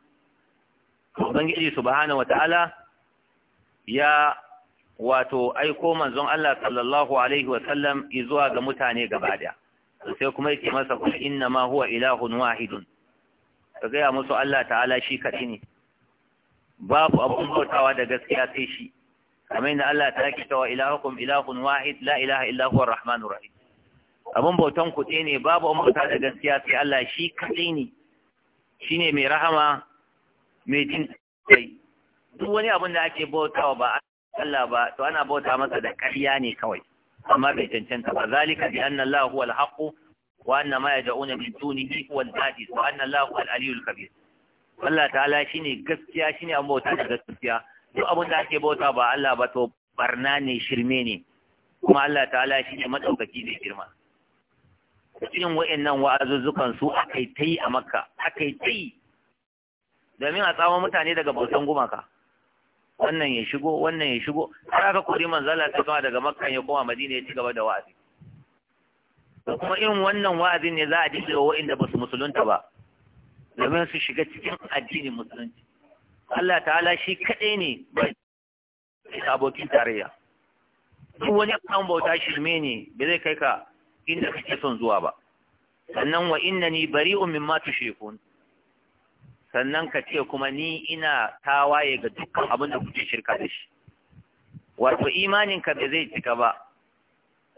ubangiji subhanahu wa ta'ala ya wato aiko manzon Allah sallallahu alaihi wa sallam zuwa ga mutane gaba da sai kuma yake masa kuma inna ma huwa ilahun wahidun ka gaya musu Allah ta'ala shi kaɗai ne babu abun bautawa da gaskiya sai shi kamar yadda Allah ta ki cewa ilahukum ilahun wahid la ilaha illa huwa arrahmanur rahim abun bautan ku ne babu abun bauta da gaskiya sai Allah shi kadai ne shine mai rahama mai jin kai duk wani abun da ake bautawa ba Allah ba to ana bauta masa da ƙarya ne kawai amma bai cancanta ba zalika bi anna Allah huwa al-haqq wa anna ma yad'una min dunihi huwa al-hadith wa anna Allah huwa al-aliyyul kabir Allah ta'ala ne gaskiya shi ne an bauta da gaskiya duk abin da ake bauta ba Allah ba to barna ne shirme ne kuma Allah ta'ala ne matsaukaki da girma nan wa'annan wa'azuzzukan su ta tai a Makka ta tai domin a tsawon mutane daga bautan gumaka wannan ya shigo wannan ya shigo har aka kori manzala ta kama daga Makka ya koma Madina ya ci gaba da wa'azi kuma irin wannan wa'azin ne za a dinga wa'anda ba su musulunta ba domin su shiga cikin addinin musulunci Allah ta'ala shi kaɗai ne ba abokin tarayya duk wani an bauta shirme ne ba zai kai ka inda kake son zuwa ba sannan wa inna ni, innani ma tu shekun sannan ka ce kuma ni ina tawaye ga dukkan abin da kuke shirka da shi wato imanin ka bai zai cika ba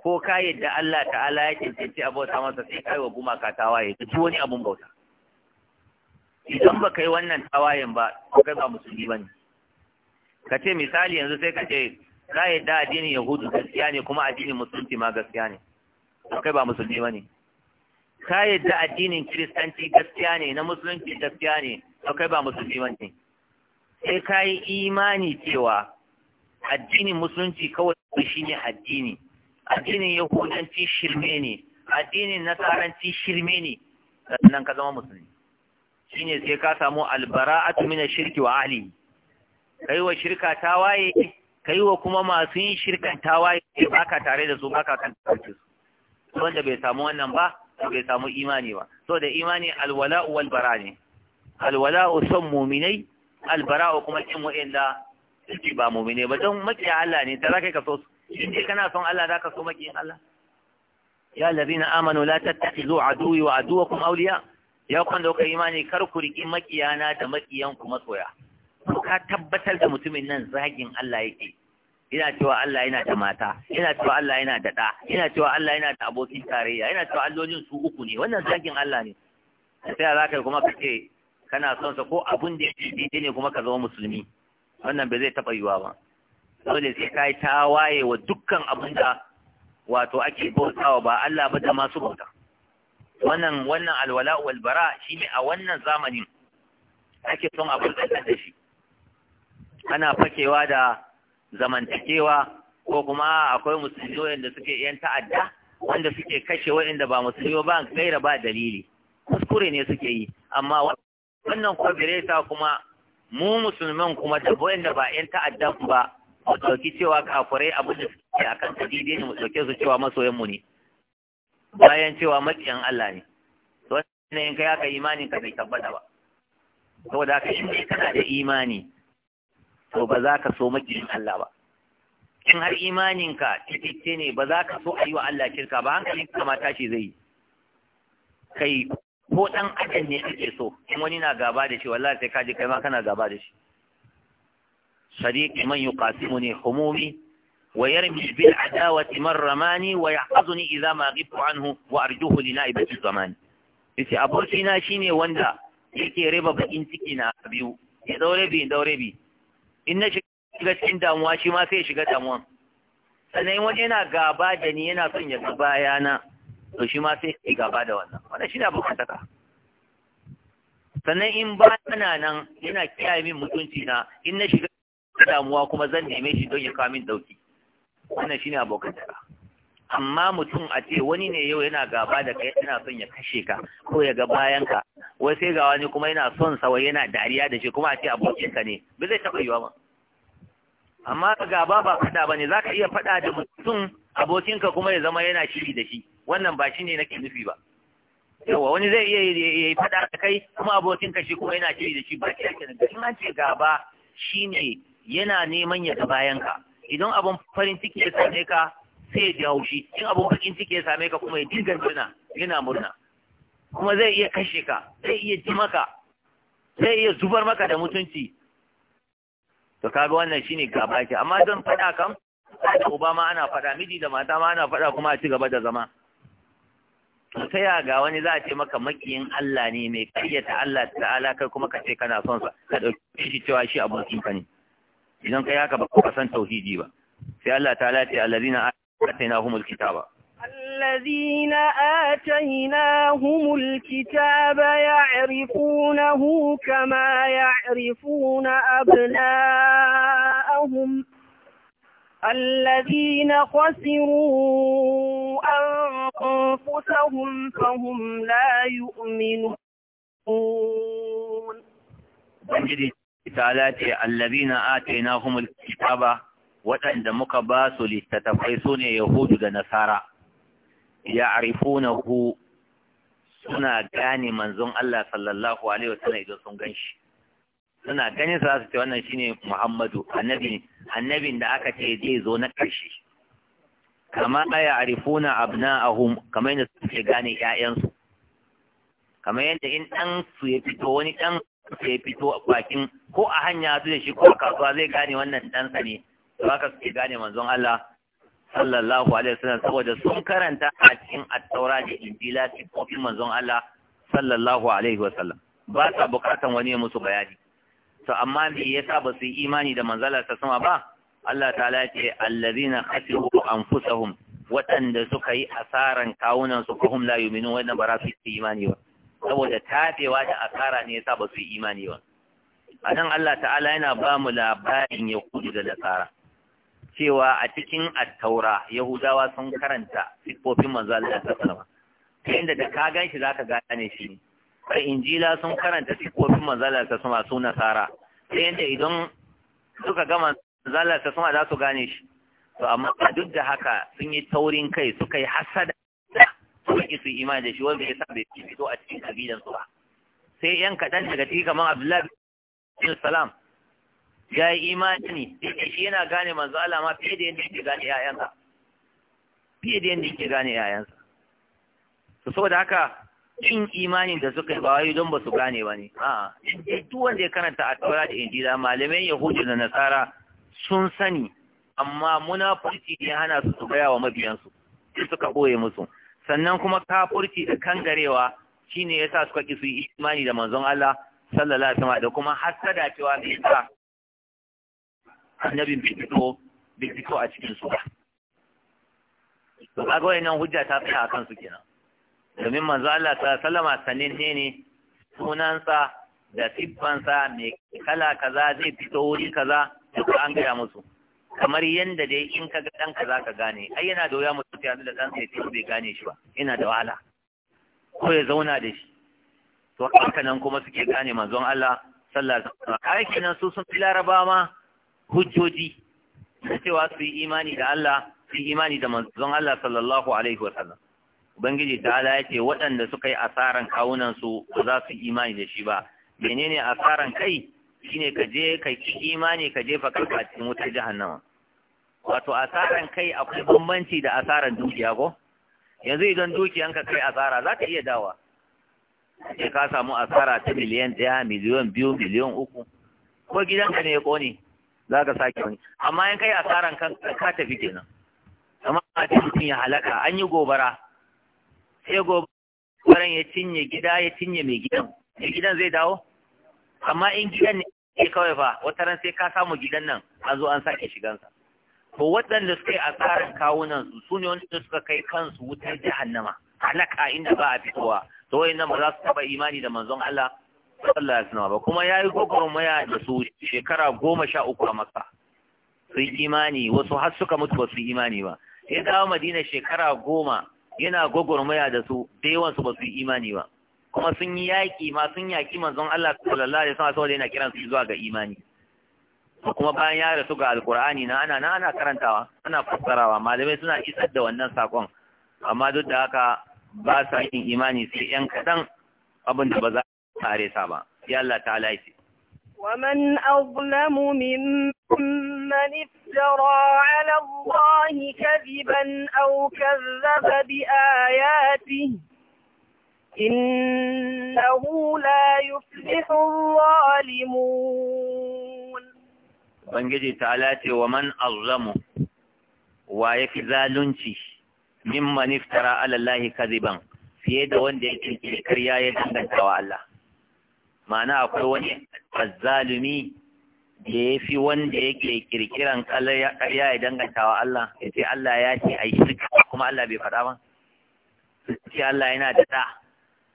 ko ka yadda Allah ta'ala ya cancanci abota masa sai kai wa gumaka tawaye duk wani abun bauta idan ba yi wannan tawayen ba to kai ba musulmi ba ne ka ce misali yanzu sai ka ce ka yadda addinin yahudu gaskiya ne kuma addinin musulunci ma gaskiya ne to kai ba musulmi ba ne ka yadda addinin kiristanci gaskiya ne na musulunci gaskiya ne to kai ba musulmi ba ne sai ka yi imani cewa addinin musulunci kawai shi ne addini addinin yahudanci shirme ne addinin nasaranci shirme ne sannan ka zama musulmi ne sai ka samu albara'atu min shirki wa ahli kai wa shirka waye kai wa kuma masu yin shirkan tawaye baka tare da su baka kan su wanda bai samu wannan ba bai samu imani ba so da imani alwala'u wal bara ne alwala'u son mu'minai albara'u kuma kin wa'inda suke ba mu'mine ba don makiya Allah ne da zaka kaso in dai kana son Allah zaka so makiyin Allah ya allazina amanu la tattakhidhu aduwwi wa aduwwakum awliya' ya kwanda kuka imani kar ku riƙi makiyana da makiyan ku masoya to ka tabbatar da mutumin nan zagin Allah yake ina cewa Allah yana da mata ina cewa Allah yana da ɗa ina cewa Allah yana da abokin tarayya ina cewa allojin su uku ne wannan zagin Allah ne sai za ka kuma ka ce kana son sa ko abun da yake daidai ne kuma ka zama musulmi wannan bai zai taɓa yiwa ba dole sai ka yi waye wa dukkan abunda da wato ake bautawa ba Allah ba da masu bautawa wannan wannan alwala wal bara shine a wannan zamanin ake son abin da da shi ana fakewa da zamantakewa ko kuma akwai musulmi wanda suke yan ta'adda wanda suke kashe wa'inda ba musulmi ba gaira ba dalili kuskure ne suke yi amma wannan kwabireta kuma mu musulman kuma da wa'inda ba yan ta'adda ba mu ɗauki cewa kafurai abin da suke akan kadide ne mu ɗauke su cewa masoyanmu ne bayan cewa maƙiyan Allah ne to wannan in kai haka imani ka bai tabbata ba saboda haka in dai kana da imani to ba za ka so maƙiyan Allah ba in har imanin ka cikakke ne ba za ka so a yi wa Allah shirka ba hankali ka ma tashi zai yi kai ko ɗan adam ne kake so in wani na gaba da shi wallahi sai ka kai ma kana gaba da shi shariqi man yuqasimuni humumi ويرمي بالعداوة من رماني ويحفظني إذا ما غبت عنه وأرجوه لنائبة الزمان yace abokina shine wanda واندا raba bakin ciki na biyu ya daure bi daure bi in na shiga cikin damuwa shi ma sai ya shiga damuwa sannan wani yana gaba da ni yana son ya ga bayana sannan in ba na nan yana kiyaye min mutuncina, na in na shiga damuwa kuma zan neme shi don ya kawo min dauki wannan shine tara amma mutum a ce wani ne yau yana gaba da kai yana son ya kashe ka ko ya ga bayan ka wai sai ga wani kuma yana son sa wai yana dariya da shi kuma a ce abokin ka ne bai zai taba yiwa ba amma gaba ba fada bane zaka iya fada da mutum abokin ka kuma ya zama yana shiri da shi wannan ba shine nake nufi ba yawa wani zai iya yi fada da kai kuma abokin ka shi kuma yana shiri da shi ba ke ake nufi shi an ce gaba shine yana neman ya ga bayan ka idan abin farin ciki ya same ka sai ya ji haushi in abin farin ciki ya same ka kuma ya dinga murna yana murna kuma zai iya kashe ka zai iya ji maka zai iya zubar maka da mutunci to kaga wannan shine gaba ke amma zan faɗa kam da uba ma ana faɗa miji da mata ma ana faɗa kuma a ci gaba da zama to ta ya ga wani za a ce maka makiyin Allah ne mai karyata Allah ta'ala kai kuma ka ce kana son sa ka dauki shi cewa shi abokin ka ne idan kai haka ba ka san tauhidi ba sai Allah ta lati allazina atainahumul kitaba allazina atainahumul kitaba ya'rifunahu kama ya'rifuna abna'ahum allazina khasiru anfusahum fahum la yu'minun ta'ala ce allazina atainahumul kitaba waɗanda muka ba su littattafai su ne yahudu da nasara ya arifunahu suna gane manzon Allah sallallahu alaihi wasallam idan sun ganshi suna ganin sa wannan shine Muhammadu annabin da aka ce zai zo na ƙarshe kama ya kamar yadda suke gane yadda in ɗan su ya fito wani ɗan sai fito a bakin ko a hanya su da shi ko a kasuwa zai gane wannan ɗansa ne da haka suke gane manzon Allah sallallahu alaihi wasallam saboda sun karanta a cikin at-taura da injila sifofin manzon Allah sallallahu alaihi wasallam ba ta bukatan wani ya musu bayani to amma me yasa ba su yi imani da manzala ta sama ba Allah ta'ala ya ce allazina khasiru anfusahum waɗanda suka yi asaran kawunan su kuhum la yu'minu wannan ba za su yi imani ba saboda tafewa da asara ne yasa ba su yi imani ba a nan Allah ta'ala yana ba mu labarin ya kudu da nasara cewa a cikin attaura yahudawa sun karanta siffofin manzo Allah ta sallama ta inda da ka gan shi zaka gane shi ne sai injila sun karanta siffofin manzo Allah ta sallama su nasara ta inda idan suka ga manzo Allah ta sallama za su gane shi to amma duk da haka sun yi taurin kai suka yi hasada suka su imani da shi wanda ya sa bai fito a cikin kabilan su ba sai yan kaɗan daga ciki kamar abdullahi bin salam ya yi imani ne shi yana gane manzo Allah ma fiye da yadda yake gane yayansa fiye da yadda yake gane yayansa to saboda haka cin imanin da suka yi bawai don ba su gane ba ne a'a duk wanda ya karanta a taura da injila malamai yahudu da nasara sun sani amma munafurci ne hana su su gaya wa mabiyansu suka ɓoye musu sannan kuma kafurci da kangarewa shine yasa suka ki su yi imani da manzon Allah sallallahu alaihi wasallam da kuma hasada cewa mai yasa annabin bai fito bai fito a cikin su ba to kaga wannan hujja ta tsaya akan su kenan domin manzon Allah sallallahu alaihi wasallam sanin ne ne sunansa da siffansa mai kala kaza zai fito wuri kaza duk an gaya musu kamar yanda dai in ka ga ɗanka za ka gane ai yana da wuya mutum ya da ɗansa ya ce bai gane shi ba yana da wahala ko ya zauna da shi to haka nan kuma suke gane manzon Allah sallallahu alaihi wasallam ai kenan su sun fi laraba ma hujjoji cewa su yi imani da Allah su yi imani da manzon Allah sallallahu alaihi wasallam ubangiji ta'ala ya ce waɗanda suka yi asaran kawunan su ba za su yi imani da shi ba menene asaran kai shine ka je ka ki imani ka jefa kanka cikin wutar jahannama wato asaran kai akwai bambanci da asaran dukiya ko yanzu idan dukiyanka kai asara za ka iya dawa sai ka samu asara ta miliyan ɗaya miliyan biyu miliyan uku ko gidanka ne ya ƙone za ka sake wani amma in kai asaran kan ka tafi kenan amma a ce mutum ya halaka an yi gobara sai gobaran ya cinye gida ya cinye mai gidan mai gidan zai dawo amma in gidan ne kawai fa wata ran sai ka samu gidan nan an zo an sake shigansa to waɗanda suka yi asarar kawunan su su ne wanda suka kai kansu wutar jahannama halaka inda ba a fitowa to nan ba za su taɓa imani da manzon Allah sallallahu alaihi wasallam ba kuma yayi gwagwarmaya da su shekara goma sha uku a Makka su yi imani wasu har suka mutu ba su yi imani ba ya dawo Madina shekara goma yana gwagwarmaya da su da yawan su ba su yi imani ba kuma sun yi yaƙi ma sun yaƙi manzon Allah sallallahu alaihi wasallam saboda yana kiran su zuwa ga imani ko kuma bayan ya rasu ga alkur'ani na ana na ana karantawa ana fassarawa malamai suna isar da wannan sakon amma duk da haka ba sa yin imani sai yan kaɗan abin da ba za a tare sa ba ya Allah ta ala yi ومن أظلم ممن افترى على الله كذبا أو كذب بآياته إنه لا يفلح الظالمون Ubangiji ta ce wa man azzamu wa ya fi zalunci mimman alalahi alallahi kaziban fiye da wanda ya kirkiri karya ya danganta wa Allah. Ma'ana akwai wani azzalumi da ya fi wanda yake kirkiran karya ya danganta wa Allah ya ce Allah ya ce a yi shirka kuma Allah bai faɗa ba. Su ce Allah yana da ɗa,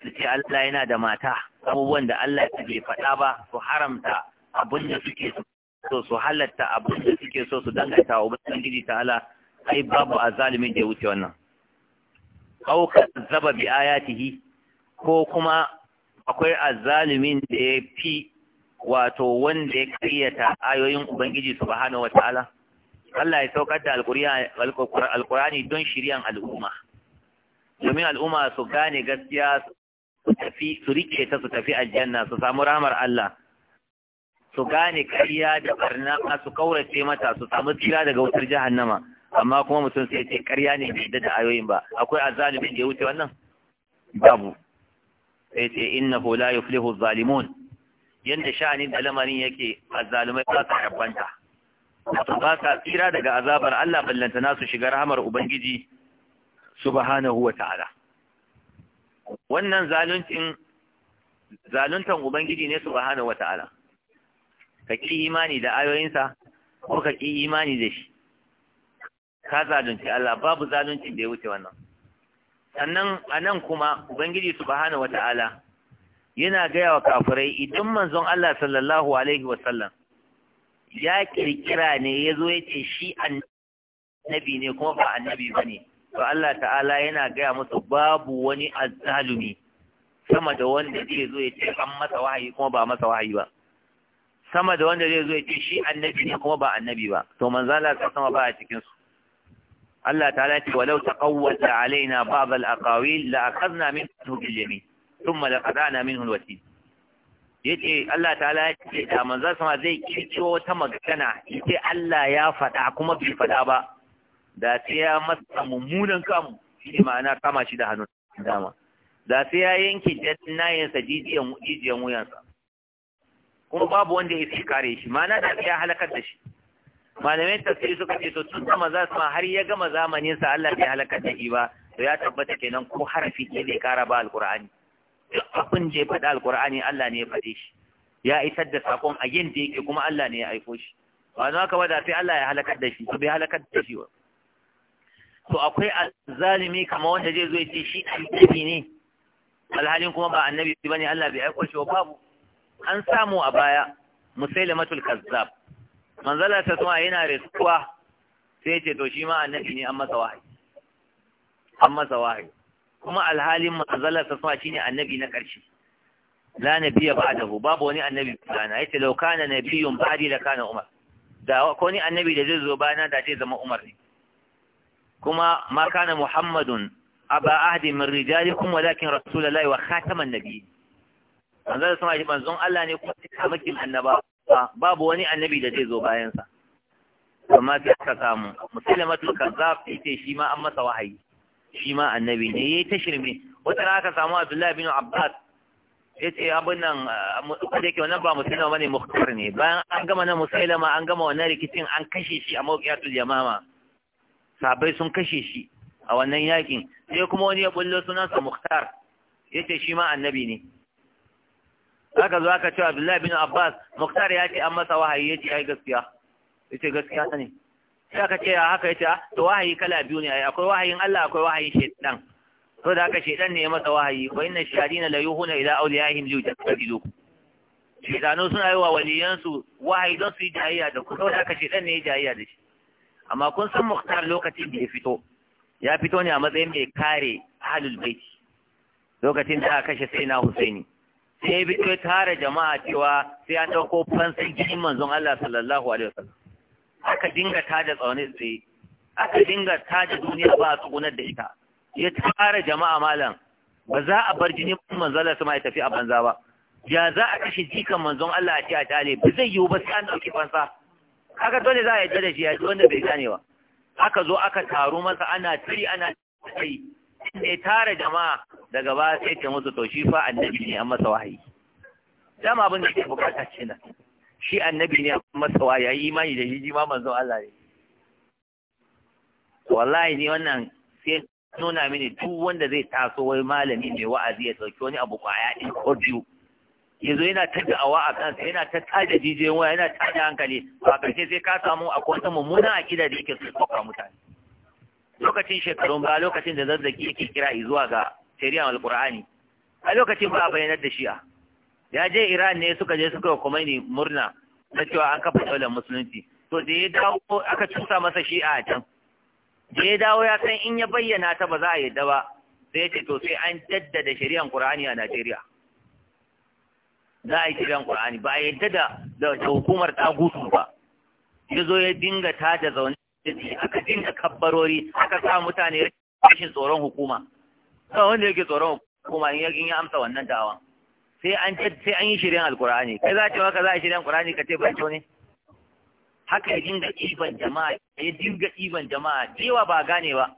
su ce Allah yana da mata, abubuwan da Allah bai faɗa ba su haramta abin da suke su so su halatta abin da suke so su danganta wa ubangiji ta'ala ai babu azalimin da ya wuce wannan aw kazzaba bi ayatihi ko kuma akwai azalimin da ya fi wato wanda ya karyata ayoyin ubangiji subhanahu wataala Allah ya saukar da alqur'ani don shiryan al'umma domin al'umma su gane gaskiya su tafi su rike ta su tafi aljanna su samu ramar Allah su gane kariya da barna su kaurace mata su samu tsira daga wutar jahannama amma kuma mutum sai ce kariya ne bai da ayoyin ba akwai azalimin da ya wuce wannan babu sai ce innahu la yuflihu zalimun yanda sha'anin da lamarin yake azzalumai ba sa rabbanta Su ba sa tsira daga azabar Allah na su shiga rahamar ubangiji subhanahu wa ta'ala wannan zaluncin zaluntan ubangiji ne subhanahu wa ta'ala ka ƙi imani da ayoyinsa ko ka ƙi imani da shi ka zalunci Allah babu zalunci da ya wuce wannan sannan a nan kuma ubangiji subhanahu wata'ala yana gaya wa kafirai idan manzon Allah sallallahu alaihi wasallam ya kirkira ne ya zo ya ce shi annabi ne kuma ba annabi ba ne to Allah ta'ala yana gaya musu babu wani azzalumi sama da wanda zai zo ya ce an masa wahayi kuma ba masa wahayi ba sama da wanda zai zo ya ce shi annabi ne kuma ba annabi ba to manzo Allah ka sama ba a cikin su Allah ta'ala ce walau taqawwala alaina ba'd al-aqawil la akhadna min bil yamin thumma la qadana minhu al-wasil yace Allah ta'ala ya ce da manzo sama zai kirkiro wata magana yace Allah ya faɗa kuma bai faɗa ba da sai ya masa mummunan kamu shi ma'ana kama shi da hannu dama da sai ya yanke jannayin sa jijiyan jijiyan wuyansa kuma babu wanda ya kare shi mana da ya halakar da shi malamai tafsiri suka ce to tun da maza su har ya gama zamanin sa Allah bai halakar da shi ba to ya tabbata kenan ko harafi ke bai kara ba alqur'ani abin je ya faɗa alqur'ani Allah ne ya faɗe shi ya isar da sakon a yin da yake kuma Allah ne ya aiko shi ba za ka wada sai Allah ya halakar da shi to bai halakar da shi ba to akwai azalimi kamar wanda zai zo ya ce shi annabi ne alhalin kuma ba annabi bane Allah bai aiko shi ba babu an samu a baya matul kazzab manzala ta suma yana riskuwa sai ce to shi ma annabi ne an masa wahayi an masa wahayi kuma alhalin manzala ta suma shine annabi na ƙarshe la nabiyya ba'dahu babu wani annabi kana yace law kana nabiyyun ba'di la kana umar da ko ni annabi da zai zo bayana da zai zama umar ne kuma ma kana muhammadun aba ahdi min rijalikum walakin rasulullahi wa khataman nabiyyi manzon sama shi manzon Allah ne kuma maki annaba babu wani annabi da zai zo bayansa amma sai aka samu musulmatul kazzab ita shi ma an masa wahayi shi ma annabi ne yayi ta shirme wata rana aka samu Abdullahi bin Abbas yace abin nan da yake wannan ba musulma bane mukhtar ne bayan an gama na musailama an gama wannan rikicin an kashe shi a mawqiyatul yamama sabai sun kashe shi a wannan yakin sai kuma wani ya bullo sunansa mukhtar yace shi ma annabi ne aka zo aka cewa Abdullahi bin Abbas Muktar ya ce an masa wahayi yace ai gaskiya yace gaskiya ne sai aka ce ya haka yace ah, to wahayi kala biyu ne ai akwai wahayin Allah akwai wahayin shaytan to da aka shaytan ne ya masa wahayi wa inna shayatin la yuhuna ila awliyaihim liyujadidu shaytanu suna yi wa su wahayi don su yi jayayya da ku to da haka shaytan ne ya jayya da shi amma kun san Muktar lokacin da ya fito ya fito ne a matsayin mai kare halul baiti lokacin da aka kashe Sayyidina Husaini sai ya fito tare jama'a cewa sai an ɗauko fansin jinin manzon Allah sallallahu alaihi wasallam aka dinga tada tsaunin tsaye aka dinga tada duniya ba a tsugunar da ita ya tara jama'a malam ba za a bar jinin manzon Allah sama ya tafi a banza ba ya za a kashe jikan manzon Allah a ce a tale ba zai yiwu ba sai an ɗauki fansa aka dole za a yadda da shi ya ji wanda bai gane ba aka zo aka taru masa ana tiri ana tiri ya tara jama'a daga ba sai ta musu to shi fa annabi ne an masa wahayi dama abin da ke bukata ce nan shi annabi ne an masa wahayi yayi imani da hiji ma manzo Allah ne wallahi ni wannan sai nuna mini duk wanda zai taso wai malami mai wa'azi ya sauki wani abu kwaya din ko biyu yanzu yana ta da'awa a kansa yana ta tada jijiyoyin waya yana ta da hankali ba karshe sai ka samu akwai wata mummuna aƙida da yake so mutane lokacin shekarun ba lokacin da zazzaki yake kira zuwa ga shari'a alqur'ani a lokacin ba a da shi'a ya je iran ne suka je suka kuma ne murna na cewa an kafa daular musulunci to da ya dawo aka cusa masa shi'a a can da ya dawo ya san in ya bayyana ta ba za a yadda ba sai ce to sai an jaddada shari'ar qur'ani a najeriya za a yi shari'an qur'ani ba a yadda da da hukumar tagutu ba ya zo ya dinga ta da zaune aka dinga kabbarori aka sa mutane rashin tsoron hukuma ba wanda yake tsoron kuma in yi amsa wannan dawa sai an sai an yi shirin alkur'ani kai za ce maka za a shirin alkur'ani ka ce ba ne haka ya dinga ɗiban jama'a ya dinga ɗiban jama'a cewa ba gane ba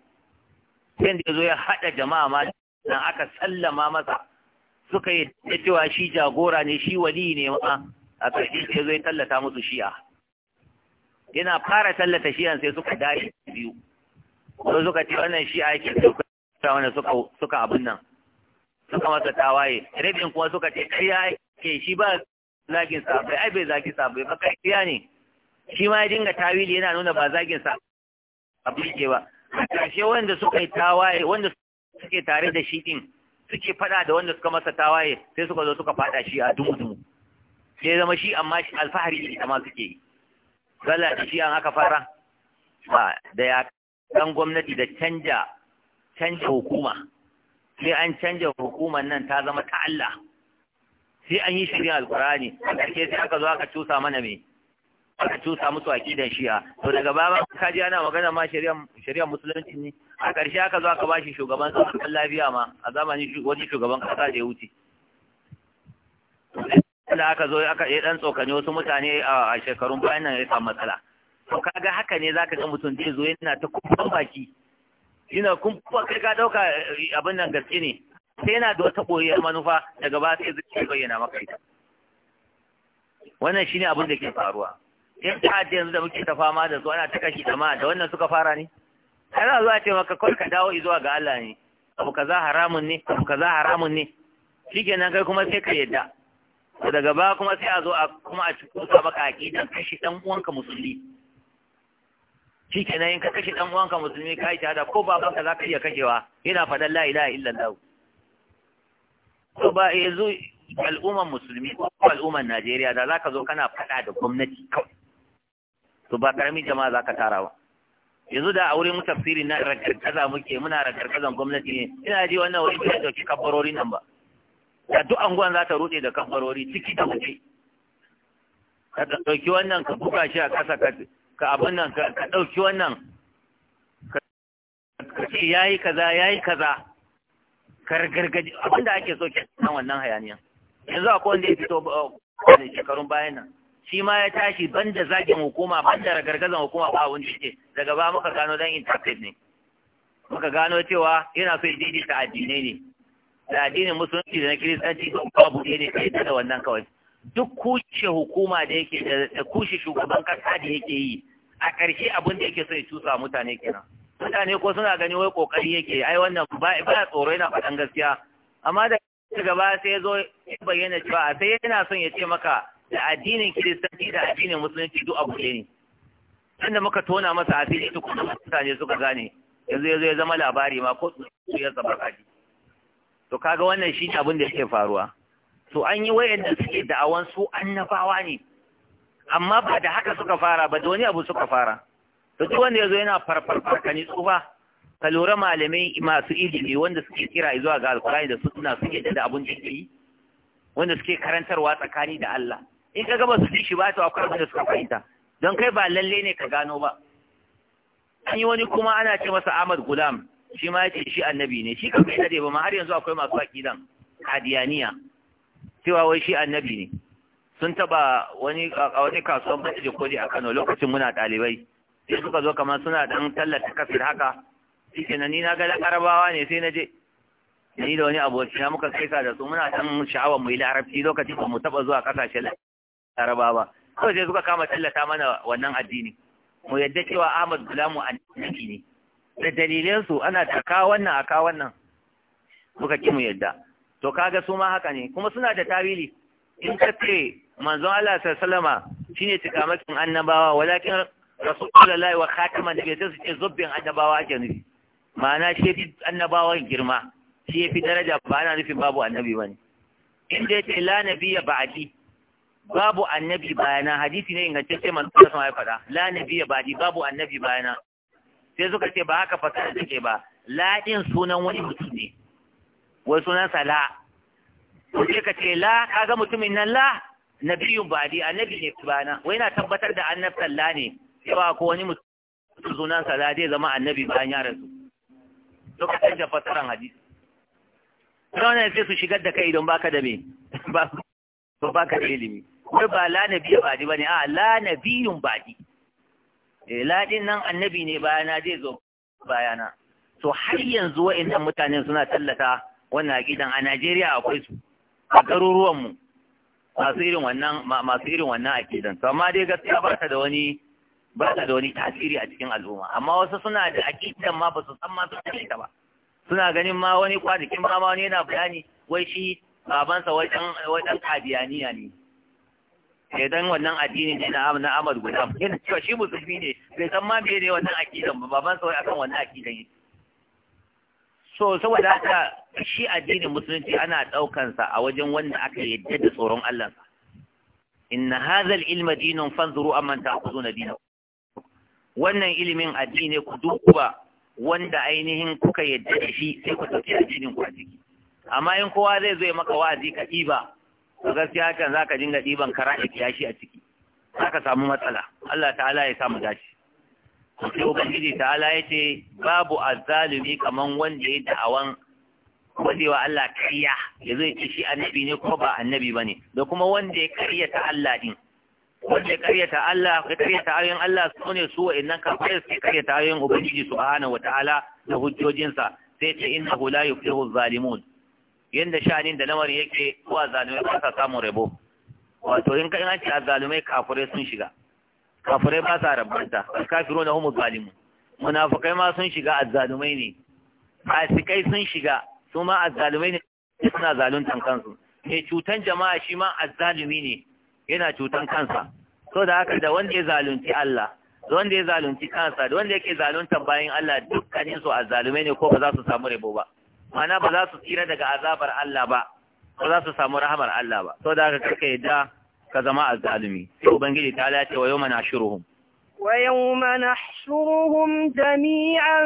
sai da zo ya haɗa jama'a ma dan aka sallama masa suka yi da cewa shi jagora ne shi wali ne ma a ƙarshe sai zo ya tallata musu shi'a yana fara tallata shi'an sai suka dashi biyu ko suka ce wannan shi'a yake ta wanda suka suka abin nan suka masa tawaye rabin kuma suka ce ƙarya ke shi ba zagin sabai ai bai zagi sabai ba ƙarya ne shi ma ya dinga tawili yana nuna ba zagin sa abin ke ba ƙarshe wanda suka yi tawaye wanda suke tare da shi din suke fada da wanda suka masa tawaye sai suka zo suka fada shi a dumu-dumu sai zama shi amma shi alfahari ne amma suke yi gala da shi an aka fara Ba da ya kan gwamnati da canja canja hukuma sai an canja hukumar nan ta zama ta Allah sai an yi shirin alkurani a ƙarshe sai aka zo aka cusa mana mai aka cusa musu aqidan shi'a to daga baban ka ji ana magana ma shari'ar musulunci ne a ƙarshe aka zo aka bashi shugaban sassan lafiya ma a zamanin wani shugaban ƙasa da ya wuce da aka zo aka yi dan tsokani wasu mutane a shekarun bayan nan ya samu matsala to kaga haka ne zaka ga mutum zai zo yana ta kuma baki ina kun kai ka dauka eh, abin nan gaske ne sai yana da wata koyar manufa daga ba sai zai bayyana maka ita wannan shine abin da ke faruwa in ta da yanzu da muke ta fama da su ana ta kashi ma da wannan suka fara ne za zuwa ce maka kai ka dawo zuwa ga Allah ne abu kaza haramun ne abu kaza haramun ne shikenan kai kuma sai ka yadda daga ba kuma sai a zo a kuma a cikin maka aqidan kashi dan uwanka musulmi shi kenan in ka kashe dan uwanka musulmi ka yi shahada ko babanka za ka iya kashewa yana faɗan la ilaha illallah to ba yanzu al'umman musulmi ko al'umman Najeriya da zaka zo kana faɗa da gwamnati kawai to ba karamin jama'a zaka tara ba yanzu da a wurin tafsiri na ragargaza muke muna ragargazan gwamnati ne ina ji wannan wani bai dauki kabarori nan ba da duk anguwan za ta rute da kabarori ciki da wuce ka dauki wannan ka buga shi a ƙasa ka ka abin nan ka ɗauki wannan ka ce ya yi kaza ya yi kaza ka gargaji abin da ake so ke nan wannan hayaniyan yanzu akwai wanda ya fito wani uh, shekarun bayan nan shi ma ya tashi ban da zagin hukuma ban da ragargazan hukuma ba wanda ce daga ba muka gano dan interpret ne muka gano cewa yana so ya daidaita addinai ne da addinin musulunci da na kiristanci ba buɗe ne kai da wannan kawai duk kushe hukuma da yake da kushe shugaban kasa da yake yi a ƙarshe abin da yake so ya cusa mutane kenan mutane ko suna gani wai kokari yake ai wannan ba ba tsoro yana faɗan gaskiya amma da gaba sai ya zo ya bayyana cewa sai yana son ya ce maka da addinin kiristanci da addinin musulunci duk abu ne tunda muka tona masa asiri duk kuma mutane suka gane yanzu ya zo ya zama labari ma ko su ya zama kaji to kaga wannan shi ne abin da yake faruwa to an yi wayanda suke da'awan su annabawa ne amma ba da haka suka fara ba da wani abu suka fara to duk wanda yazo yana farfar farkani tsufa ka lura malamai masu ilimi wanda suke kira zuwa ga alkurani da suna suke da abun jiki wanda suke karantarwa tsakani da Allah in ka gaba su ji shi ba ta akwai abin da suka fahimta don kai ba lalle ne ka gano ba an yi wani kuma ana ce masa Ahmad Gulam shi ma ya ce shi annabi ne shi kan bai dade ba ma har yanzu akwai masu aqidan hadiyaniya cewa wai shi annabi ne sun taba wani a wani kasuwan da kodi a Kano lokacin muna dalibai sai suka zo kamar suna dan tallata kafin haka shike na ni na ga ƙarabawa ne sai na je ni da wani aboki na muka kai da su muna dan sha'awar mu yi larabci lokacin ba mu taba zuwa kasashen larabawa kawai sai suka kama tallata mana wannan addini mu yadda cewa Ahmad Gulamu annabi ne da dalilinsu ana ta kawo wannan a kawo wannan muka ki mu yadda to kaga su ma haka ne kuma suna da tawili in ka ce manzon Allah sallama shine tikamakin annabawa walakin rasulullahi wa khataman nabiyyi su ce zubbin annabawa ake nufi ma'ana shi fi annabawan girma shi fi daraja ba ana nufin babu annabi bane inda ce la nabiyya ba'di babu annabi bayana hadisi ne ingantacce manzon Allah sama ya faɗa la nabiyya ba'di babu annabi bayana sai suka ce ba haka fasara take ba la din sunan wani mutum ne wai sunansa la ko ka ce la kaga mutumin nan la nabiyun ba'di annabi ne bana wai na tabbatar da annabtan la ne cewa ko wani mutum sunansa la zai zama annabi bayan ya rasu lokacin da fasaran hadisi ranar sai su shigar da kai don baka da me ba baka da ilimi wai ba la nabiya ba'di bane a la nabiyun ba'di eh la din nan annabi ne bayana zai zo bayana to har yanzu wa'annan mutanen suna tallata wannan aqidan a Najeriya akwai su a garuruwan mu masu irin wannan masu irin wannan aqidan to amma dai gaskiya ba ta da wani ba ta da wani tasiri a cikin al'umma amma wasu suna da aqidan ma ba su san ma su ta ba suna ganin ma wani kwanakin ma wani yana bayani wai shi babansa wai dan wai dan kadiyaniya ne sai eh, dan wannan addini ne na na Ahmad Gulam yana shi musulmi ne bai san ma bai ne wannan akidan ba babansa wai akan wannan akidan yake so saboda haka shi addinin musulunci ana sa a wajen wanda aka yadda da tsoron Allah inna hadha al-ilma dinun fanzuru amman ta'khuduna dinahu wannan ilimin addini ku duba wanda ainihin kuka yadda da shi sai ku tafi addinin ku a ciki amma in kowa zai zo maka wa'azi ka ɗiba to gaskiya kan zaka dinga ɗiban kara ya shi a ciki zaka samu matsala Allah ta'ala ya samu dashi sai ubangiji ala ya ce babu azzalumi kaman wanda ya da'awan wajewa Allah kariya ya zai ce shi annabi ne ko ba annabi ba ne da kuma wanda ya karyata Allah din wanda ya ta Allah ya ta ayoyin Allah su ne su wa'annan kafirai su ta ayoyin ubangiji subhanahu ala da hujjojinsa sai ce hula yi fiye zalimun yanda shanin da lamarin yake ko azzalumai ba sa samun rabo wato in kai an ce azzalumai kafirai sun shiga kafirai ba sa rabanta alkafiru na humu zalimu munafukai ma sun shiga azzalumai ne fasikai sun shiga su ma azzalumai ne suna zaluntan kansu mai cutan jama'a shi ma azzalumi ne yana cutan kansa so da haka da wanda ya zalunci Allah da wanda ya zalunci kansa da wanda yake zaluntan bayan Allah dukkanin su azzalumai ne ko ba za su samu rabo ba ma'ana ba za su tsira daga azabar Allah ba ba za su samu rahamar Allah ba so da haka kake da ka ما azzalumi sai تعالى ويوم نحشرهم ويوم نحشرهم جميعا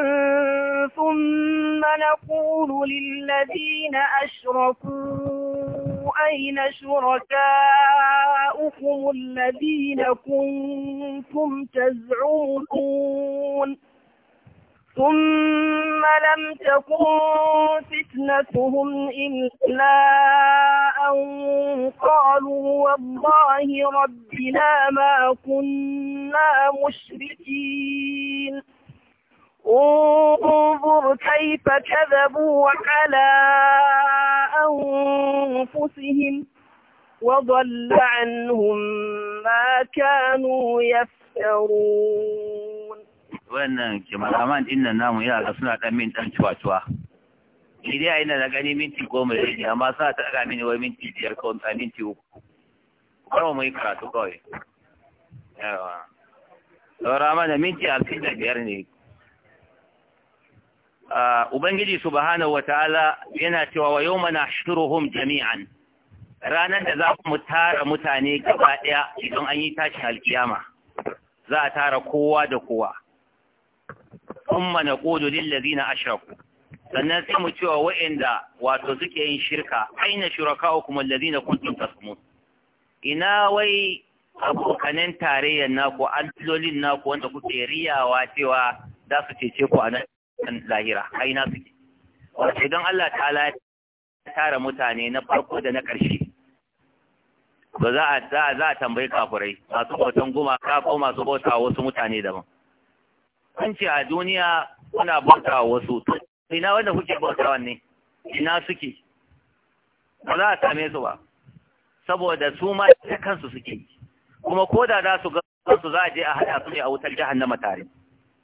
ثم نقول للذين أشركوا أين شركاؤكم الذين كنتم تزعمون ثم لم تكن فتنتهم إلا أن قالوا والله ربنا ما كنا مشركين انظر كيف كذبوا على أنفسهم وضل عنهم ما كانوا يفترون wannan kimaraman din nan namu yara suna dan min dan cuwa-cuwa ni dai ina da gani minti goma da yake amma sa ta daga mini wai minti biyar ko ta minti uku kuma mu yi karatu kawai yawa saura mana minti hamsin da biyar ne ubangiji subhanahu wataala yana cewa wa yawma nahshuruhum jami'an ranar da za mu tara mutane gaba daya idan an yi tashin alkiyama za a tara kowa da kowa thumma naqulu lil ladina ashraku sannan sai mu cewa wa'inda wato suke yin shirka aina shurakaukum zina kuntum tasmun ina wai abokanen tarayyar naku allolin naku wanda kuke riyawa cewa za su cece ku a nan lahira aina suke wato idan Allah ta'ala ya tara mutane na farko da na ƙarshe Ba za a tambayi kafurai masu bautan gumaka ko masu bauta wasu mutane daban Kwanci a duniya kuna bauta wasu ina wanda kuke bauta ne? ina suke ba za a same su ba saboda su ma ta kansu suke kuma ko da za su su, za a je a haɗa su ne a wutar jahannama tare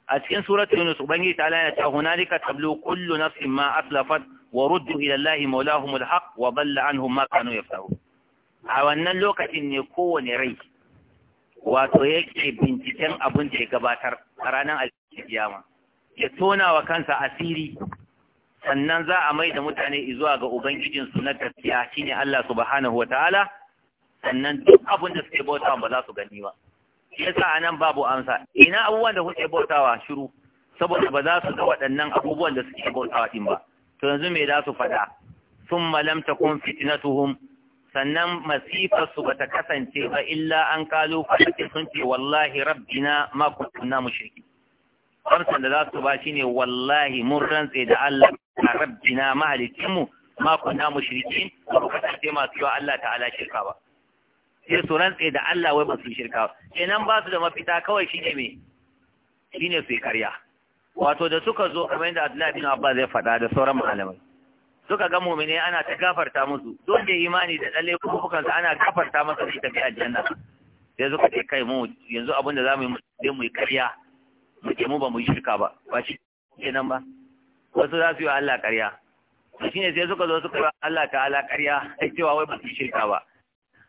a cikin suratul yunus ubangiji ta lana ta hunalika tablu kullu nafsin ma aslafat wa ruddu ila allahi mawlahumul haqq wa dalla anhum ma kanu yaftarun a wannan lokacin ne kowane rai wato yake binciken abin da ya gabatar a ranar kiyama ya tona wa kansa asiri sannan za a mai da mutane zuwa ga ubangijinsu na gaskiya shine Allah subhanahu wataala sannan duk abin da suke bautawa ba za su gani ba yasa anan babu amsa ina abubuwan da suke bautawa shiru saboda ba za su ga waɗannan abubuwan da suke bautawa din ba to yanzu me za su faɗa thumma lam takun fitnatuhum sannan masifarsu ba ta kasance ba illa an kalu fa sun ce wallahi rabbina ma kunna mushrikin farkon da za su ba shi ne, wallahi mun rantse da Allah a rabbina mahalicinmu ma kunna mushriki ba ku kasance masu yawa Allah ta'ala shirka ba sai su rantse da Allah wai ba su shirka ba kenan ba su da mafita kawai shine me ne su karya wato da suka zo kamar yadda Abdullahi bin Abba zai faɗa da sauran malamai suka ga mu'mini ana ta gafarta musu don da imani da dalle kukan ana gafarta masa shi tafi aljanna sai suka ce kai mu yanzu abin da zamu yi mu yi karya mu mu ba mu yi shirka ba ba shi kenan ba wasu za su yi wa Allah ƙarya shi ne sai suka zo suka yi Allah ta'ala ƙarya ai cewa wai ba su shirka ba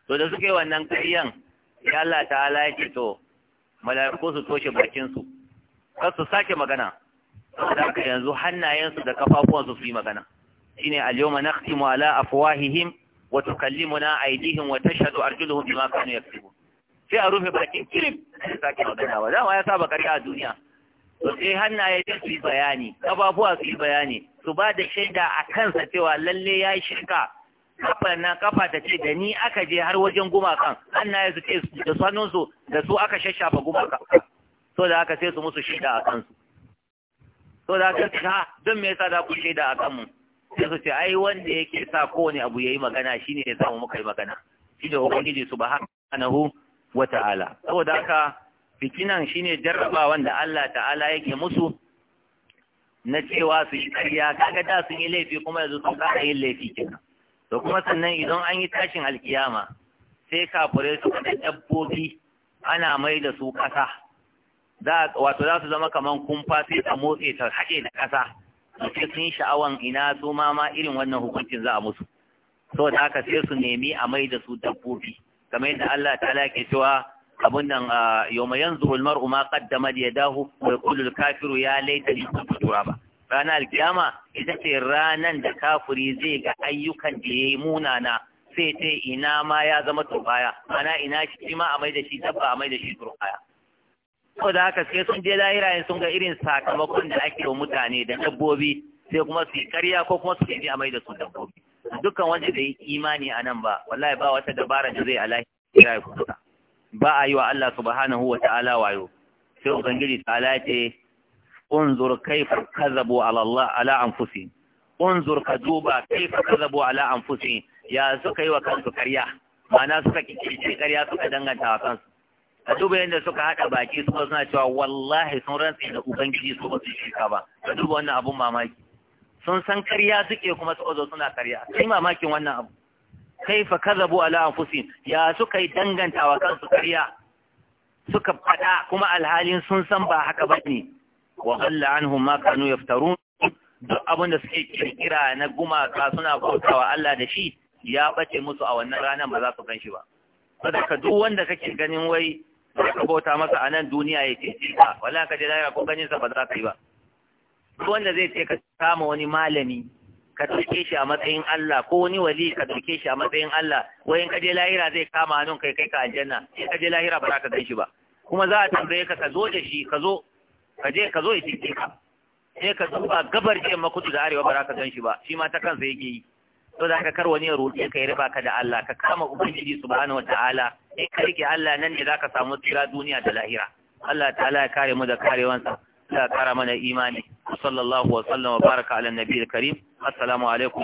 to da suka yi wannan ƙaryan ya Allah ta'ala ya ce to mala'iku su toshe bakin su kar su sake magana da ka yanzu hannayensu da kafafuwansu su yi magana shine al-yawma nakhtimu ala afwahihim wa tukallimuna aydihim wa tashhadu arjuluhum bima kanu yaktubun sai a rufe bakin kirif sai sake magana ba dama ya saba karya a duniya to sai hannaye da su yi bayani kafafuwa su yi bayani su ba da shaida a kansa cewa lalle ya yi shirka kafa na kafa ta ce da ni aka je har wajen gumakan hannaye su ce da su hannunsu da su aka shashafa gumakan so da aka sai su musu shaida a kansu so da aka ce ha don me yasa za ku shaida a kanmu sai su ce ai wanda yake sa kowane abu ya yi magana shine ya samu muka yi magana shi da ubangiji subhanahu wa ta'ala saboda haka fitinan shine jarrabawan da Allah ta'ala yake musu na cewa su yi karya kaga da sun yi laifi kuma yanzu sun kada yin laifi kenan to kuma sannan idan an yi tashin alkiyama sai kafure su da dabbobi ana mai da su kasa za wato za su zama kamar kumfa sai ta motse ta hake da kasa sai sun yi sha'awan ina su ma ma irin wannan hukuncin za a musu saboda haka sai su nemi a mai da su dabbobi kamar yadda Allah ta'ala ke cewa abun nan yawma yanzuru almar'u ma ya dahu wa yaqulu kafiru ya laita li kutura ba. rana alkiyama ita ce ranan da kafiri zai ga ayyukan da yayi munana sai ce ina ma ya zama turbaya ana ina shi ma a mai da shi dabba a mai da shi turbaya ko da haka sai sun je lahira yin sun ga irin sakamakon da ake wa mutane da dabbobi sai kuma su yi karya ko kuma su yi a mai da su dabbobi dukkan wanda ya yi imani a nan ba wallahi ba wata dabara da zai alahi ya yi kusa ba a yi wa Allah subhanahu wa ta'ala wayo sai ubangiji ta'ala ce unzur kaifa kazabu ala Allah ala anfusihim unzur ka duba kaifa kazabu ala anfusihim ya suka yi wa kansu karya Mana suka kike karya suka danganta wa kansu a duba yadda suka haɗa baki suka suna cewa wallahi sun rantse da ubangiji su ba su shirka ba ka duba wannan abun mamaki sun san karya suke kuma su ozo suna karya kai mamakin wannan abu kaifa kadhabu ala anfusihim ya suka yi wa kansu kariya suka fada kuma alhalin sun san ba haka bane wa qalla anhum ma kanu yaftarun duk abin da suke kirkira na gumaka suna bautawa Allah da shi ya bace musu a wannan ranar ba za su gan shi ba saboda duk wanda kake ganin wai ka bauta masa a nan duniya ya ce ka wala ka je lahira ko ganin sa ba za ka yi ba duk wanda zai ce ka samu wani malami ka dauke shi a matsayin Allah ko wani wali ka dauke shi a matsayin Allah wai in ka je lahira zai kama hannun kai kai ka aljanna in ka je lahira ba za ka gan ba kuma za a tambaye ka ka zo da shi ka zo ka je ka zo ya tike ka sai ka duba gabar yamma kudu da arewa ba za ka gan shi ba shi ma ta kansa yake yi to da ka kar wani ya roƙe ka ya riba ka da Allah ka kama ubangiji subhanahu wataala in ka rike Allah nan ne za ka samu tsira duniya da lahira Allah ta'ala ya kare mu da karewansa ya ƙara mana imani sallallahu wa sallam wa baraka ala nabiyil karim assalamu alaikum